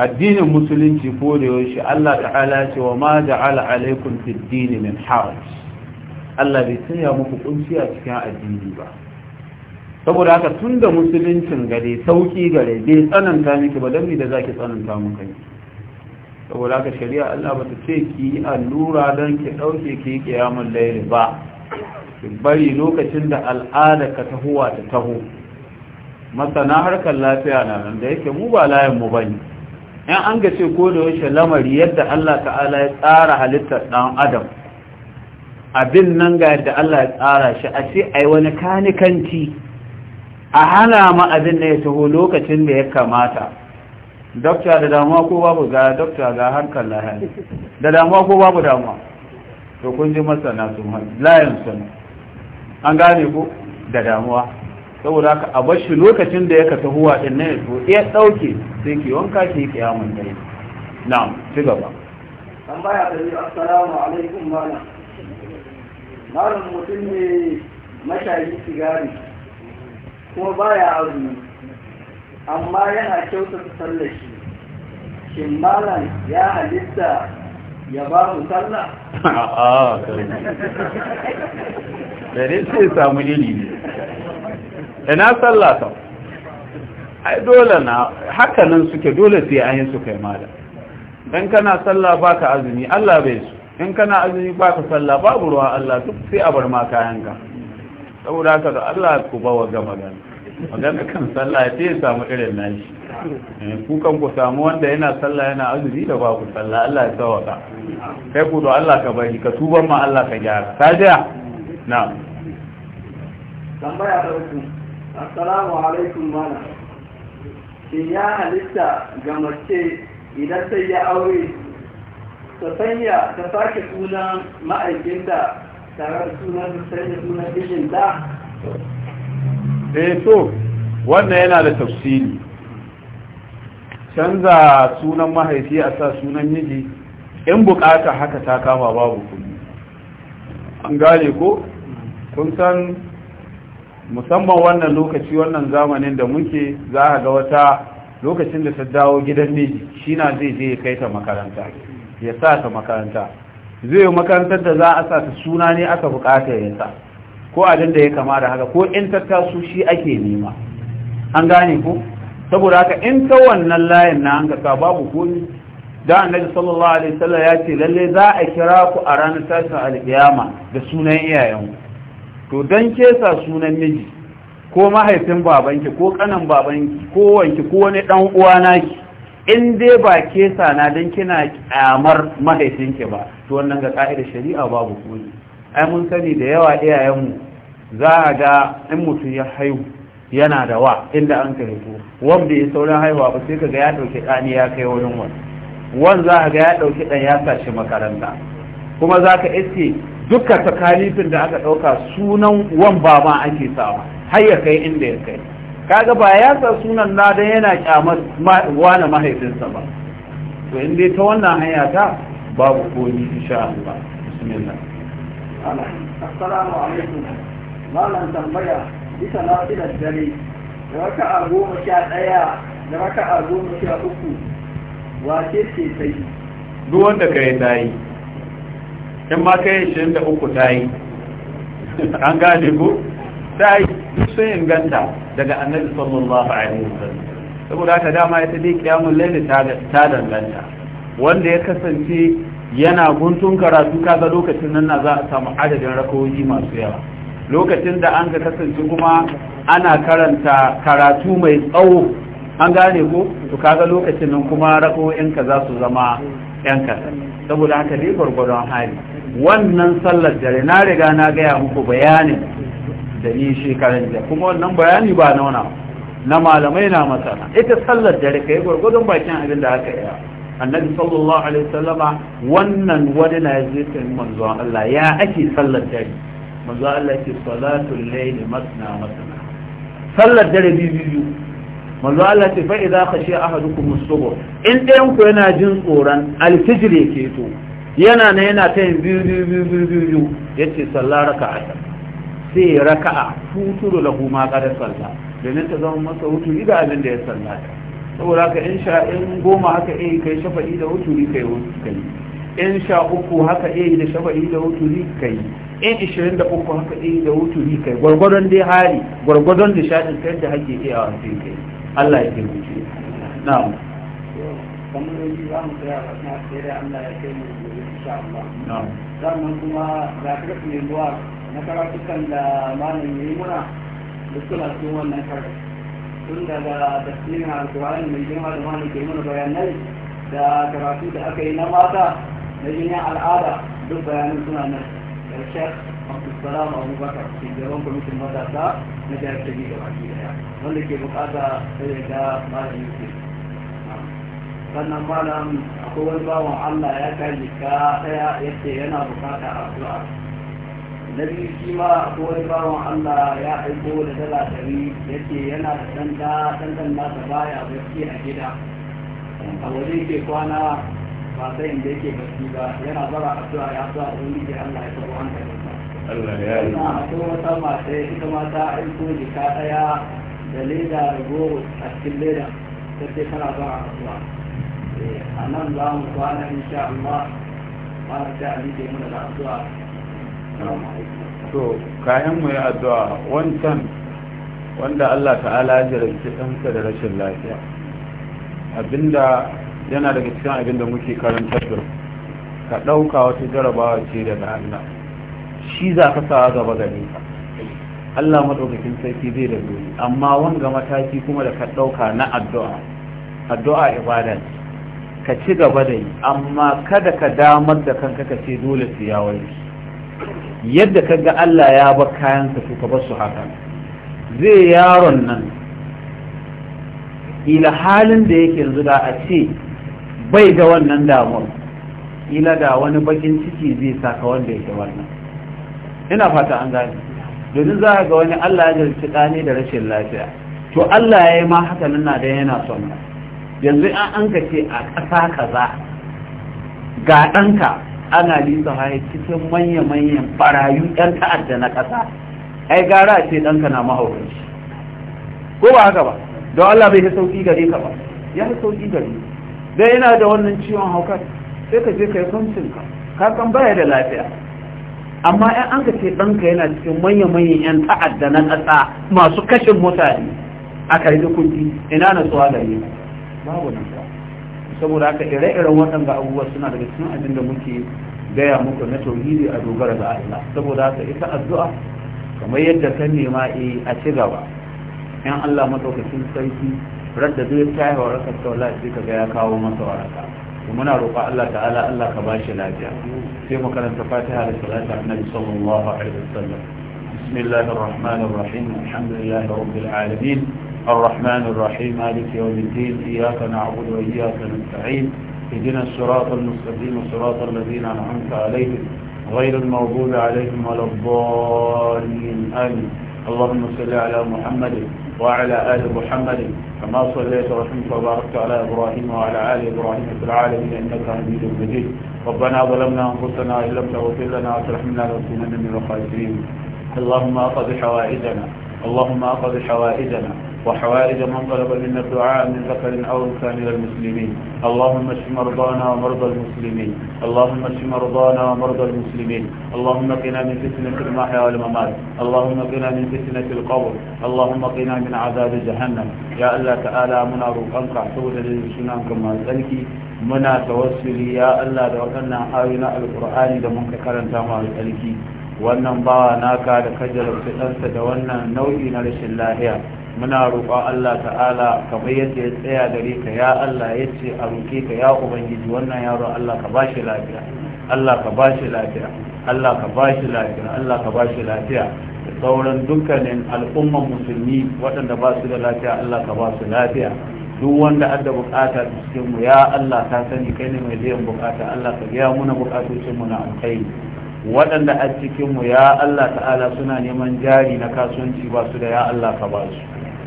[SPEAKER 2] addinin musulunci ko da yaushe Allah ta'ala ce wa ma ja'ala alaikum fid dini min haraj Allah bai sanya muku kunci a cikin addini ba saboda haka tun da musuluncin gare sauki gare bai tsananta miki ba dan da zaki tsananta mu kai saboda haka shari'a Allah bata ce ki allura dan ki dauke ki kiyamul layl ba ki bari lokacin da al'ada ka tahowa ta taho masana harkar lafiya na nan da yake mu ba layin mu bane in an ga ce ko da yaushe lamari yadda Allah ta'ala ya tsara halittar dan adam abin nan ga yadda Allah ya tsara shi a ce ai wani kanikanci a hana ma abin da ya taho lokacin da ya kamata dokta da damuwa ko babu ga dokta ga harkar lahani da damuwa ko babu damuwa to kun ji masana sun hannu layin sun an gane ku da damuwa saboda haka a bar shi lokacin da ya ka tahowa din nan ya to iya dauke sai ki wanka ki yi kiyamun dai na'am ci gaba baya da assalamu alaikum malam malam mutum ne mashayi sigari kuma baya azumi amma yana kyautata sallar shi shin malam ya halitta ya ba mu sallah a'a da ne sai samu ilimi ina sallah ta ai dole na hakanan suke dole sai ayin su kai malam dan kana sallah baka azumi Allah bai su in kana azumi ba ka sallah babu ruwa Allah duk sai a bar ma kayanka saboda haka da Allah ku ba wa magana magana kan sallah sai ya samu irin nashi eh, ku kan ku samu wanda yana sallah yana azumi da ba ku sallah Allah ya sawaka kai ku do Allah ka bari ka tuban ma Allah ka gyara ta jiya na'am tambaya ta assalamu alaikum mana shin ya halitta ga mace idan sai ya aure ta sanya ta sake sunan ma'aikinta tare da sunan ta sanya sunan mijinta eh so? wannan yana da tafsiri canza sunan mahaifi a sa sunan miji in bukata haka ta kama babu kudi an gane ko kun san musamman wannan lokaci wannan zamanin da muke za a ga wata lokacin da ta dawo gidan miji shi na zai je ya kai ta makaranta ya sa ta makaranta zai yi makarantar da za a sa ta suna ne aka bukatar ya sa ko abin da ya kama da haka ko in tattasu shi ake nema an gane ku? saboda haka in ta wannan layin na an gasa babu komi da annabi sallallahu alaihi wasallam ya ce lalle za a kira ku a ranar tashin alƙiyama da sunan iyayenku to dan kesa sunan miji ko mahaifin babanki ko kanan babanki ko wanki ko wani dan uwa naki in dai ba ke na don kina kyamar mahaifinki ba to wannan ga ka'idar shari'a babu koyi. ai mun sani da yawa iyayenmu za a ga in mutum ya haihu yana da wa inda an ka haihu wan bai yi sauran haihuwa ba sai kaga ya dauki ɗani ya kai wurin wani wan za a ga ya ɗauki ɗan ya sace makaranta kuma za ka iske dukkan takalifin da aka ɗauka sunan wan ba ma ake sawa har ya kai inda ya kai kaga ba ya san sunan na dan yana kyamar wani mahaifinsa ba to in dai ta wannan hanya ta babu komi insha Allah bismillah assalamu alaikum malam tambaya bisa da dare da raka a goma sha ɗaya da raka a goma sha uku wace ce ce yi duk wanda ka yi ta yi in ma kai yi da uku ta yi an gane ko Ta yi sun inganta daga annabi sallallahu alaihi wasallam saboda haka dama ita dai kiyamul layli ta danganta wanda ya kasance yana guntun karatu kaga lokacin nan na za a samu adadin rakawoyi masu yawa lokacin da an ga kasance kuma ana karanta karatu mai tsawo an gane ko to kaga lokacin nan kuma ka za su zama yan kasa saboda haka dai gwargwadon hali wannan sallar dare na riga na gaya muku bayanin da ni da kuma wannan bayani ba wana na malamai na masana ita sallar dare yi gwargwadon bakin abin da aka yi annabi sallallahu alaihi sallama wannan wani na yaje tun manzo Allah ya ake sallar dare manzo Allah ke salatun layl masana masana sallar dare biyu manzo Allah ce fa idza khashi ahadukum as-subh in ɗayan ku yana jin tsoron alfijir yake to yana na yana ta yin biyu biyu biyu biyu yace sallar raka'a sai raka'a futuru lahu ma qad salla domin ta zama masa wuturi ida abin da ya sallata saboda ka in sha in goma haka eh kai shafa'i da ni kai kai in sha uku haka eh da shafa'i da wuturi kai in uku haka eh da ni kai gwargwadon dai hali gwargwadon da shaɗin kai da hake iya a cikin kai Allah ya taimake na'am kamar yanzu za mu tsaya a kuma sai da Allah ya kai mu gobe insha Allah na'am sannan kuma da kake ne na karatukan da malam ya yi muna da suna cikin wannan karar tun daga tasirin alkur'ani mai girma da malam ke mana bayanai da karatu da aka yi na mata na jinin al'ada duk bayanan suna nan ƙarshen abdulsalam abubakar shugaban kwamitin matasa na jihar kebbi da baki daya wanda ke bukata sai da malam yusuf sannan malam akwai wani bawan allah ya kai jika daya yace yana bukata a addu'a na biyu shi ma ko wani bawan Allah ya aiko da dala ɗari ya ce yana da ɗan da nasa baya barci a gida a wajen ke kwana ba sai inda yake barci ba yana bara addu'a ya zuwa a wani ke Allah ya karɓi hankali Allah ya yi. Na ko wata mata ita ma ta aiko jika ɗaya da leda da goro a cikin leda ta ce tana bara addu'a. Eh, a nan za mu kwana insha Allah. Mara ta Ali ke muna da addu'a to kayan mu ya addu'a wancan wanda Allah ta'ala ya jarabci ɗansa da rashin lafiya abinda yana daga cikin abinda muke karantar da ka ɗauka wata jarabawa ce daga Allah shi za ka sa gaba gare ka Allah maɗaukakin sarki zai da dole amma wanga mataki kuma da ka ɗauka na addu'a addu'a ibada ka ci gaba da yi amma kada ka damar da kanka ka ce dole su ya warke yadda ka ga Allah ya ba kayansa to ka bar su haka zai yaron nan ila halin da yake yanzu da a ce bai ga wannan damar ila da wani bakin ciki zai saka wanda yake wannan ina fata an gane domin za a ga wani Allah ya jarci ɗane da rashin lafiya to Allah ya yi ma haka nan da yana son yanzu an an ka ce a ƙasa kaza ga ɗanka ana nisa haye cikin manya-manyan barayu 'yan ta'adda na ƙasa ai gara ce ɗanka na mahaukaci ko ba haka ba don Allah bai sauƙi gare ka ba ya sauƙi gare don yana da wannan ciwon haukar sai ka je ka yi kwancinka ka san baya da lafiya amma ‘yan an ka ce ɗanka yana cikin manya-manyan 'yan ta'adda na ƙasa masu kashin mutane a karbi kundi. ina na tsawa gare babu nan saboda haka ire-iren waɗanda abubuwa suna daga cikin abin da muke gaya muku na tauhidi a dogara ga Allah saboda haka ita addu'a kamar yadda ka nema eh a ci gaba in Allah madaukakin sarki radda zai tsaya wa raka taula sai ka ga ya kawo masa waraka kuma muna roƙa Allah ta'ala Allah ka bashi lafiya sai mu karanta Fatiha da salatu annabi sallallahu alaihi wasallam بسم الله الرحمن الرحيم الحمد لله الرحمن الرحيم مالك يوم الدين إياك نعبد وإياك نستعين اهدنا الصراط المستقيم صراط الذين أنعمت عليهم غير المغضوب عليهم ولا الضالين آمين اللهم صل على محمد وعلى آل محمد كما صليت ورحمت وباركت على إبراهيم وعلى آل إبراهيم في العالمين إنك حميد مجيد ربنا ظلمنا أنفسنا إن لم تغفر لنا وترحمنا لنكونن من الخاسرين اللهم أقض حوائجنا اللهم أقض حوائجنا وحوائج من طلب منا الدعاء من ذكر أو أنثى من المسلمين اللهم اشف مرضانا ومرضى المسلمين اللهم اشف مرضانا ومرضى المسلمين اللهم قنا من فتنة المحيا والممات اللهم قنا من فتنة القبر اللهم قنا من عذاب جهنم يا الله تعالى منا روقنك حسود للسنان كما سألكي muna tawassuli ya Allah da waɗannan ayoyi na alƙur'ani da mun karanta mu alƙalki wannan bawa naka da kajarabta ɗansa da wannan nau'i na rashin lahiya muna roƙon Allah ta'ala kamar yadda ya tsaya gare ka ya Allah ya ce a roƙe ka ya ubangiji wannan yaro Allah ka bashi lafiya Allah ka bashi lafiya Allah ka bashi lafiya Allah ka bashi lafiya da sauran dukkanin al'umman musulmi waɗanda ba su da lafiya Allah ka ba su lafiya duk wanda adda bukata cikin mu ya Allah ka sani kai ne mai biyan bukata Allah ka biya muna bukatocin mu na alkhairi waɗanda a cikinmu ya Allah ta'ala suna neman jari na kasuwanci ba su da ya Allah ka ba su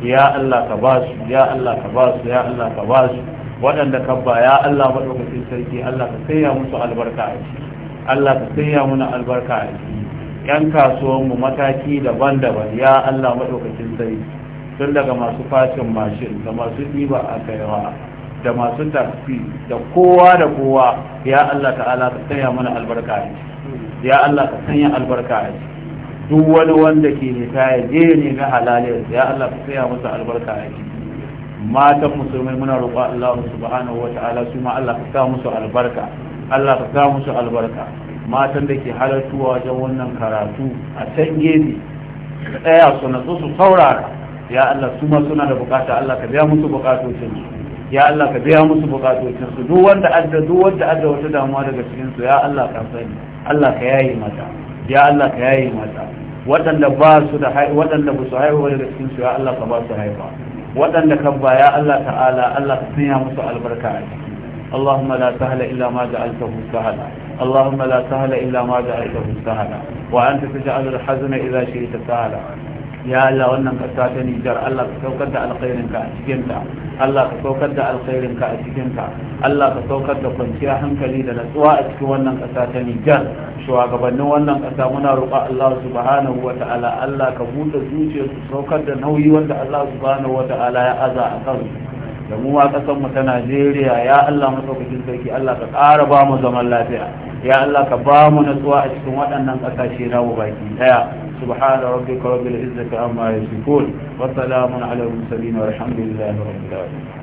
[SPEAKER 2] ya Allah ka ba su ya Allah ka ba su ya Allah ka ba su waɗanda ka ba ya Allah maɗaukakin sarki Allah ka sayya musu albarka a ciki Allah ka sayya muna albarka a ciki yan kasuwanmu mataki daban-daban ya Allah maɗaukakin sarki tun daga masu fashin mashin da masu ɗiba a kaiwa da masu tafi da kowa da kowa ya Allah ta'ala ka sayya mana albarka a ciki ya Allah ka sanya albarka a ciki duk wani wanda ke nita ya je ne ga halaliyar ya Allah ka sanya masa albarka a ciki matan musulmai muna roƙo Allah subhanahu wata'ala su ma Allah ka sa musu albarka Allah ka sa musu albarka matan da ke halartuwa wajen wannan karatu a can gefe da tsaya su natsu su saurara ya Allah su ma suna da bukata Allah ka biya musu bukatocin su ya Allah ka biya musu bukatocin su duk wanda adda duk wanda adda wata damuwa daga cikin su ya Allah ka sani Allah ka mata ya Allah ka mata waɗanda ba su da waɗanda ba su haihuwa daga cikin su ya Allah ka ba su haifa waɗanda kan ba ya Allah ta'ala Allah ka sanya musu albarka a ciki اللهم لا سهل إلا ما جعلته سهلا اللهم لا سهل إلا ما جعلته سهلا وأنت تجعل الحزن إذا شئت سهلا ya Allah wannan kasa ta Nijar Allah ka saukar da alkhairinka a cikinta Allah ka saukar da alkhairinka a cikinta Allah ka saukar da kwanciyar hankali da natsuwa a cikin wannan kasa ta Nijar shugabannin wannan kasa muna roƙa Allah subhanahu wa ta'ala Allah ka buɗe su saukar da nauyi wanda Allah subhanahu wa ta'ala ya aza a kansu da mu ma kasanmu ta najeriya ya allah matsaukakin sarki allah ka ƙara ba mu zaman lafiya ya Allah ka ba mu natsuwa a cikin waɗannan ƙasashe na mu baki ɗaya subhana rabbika rabbil izzati amma yasifun wa salamun ala mursalin walhamdulillahi rabbil alamin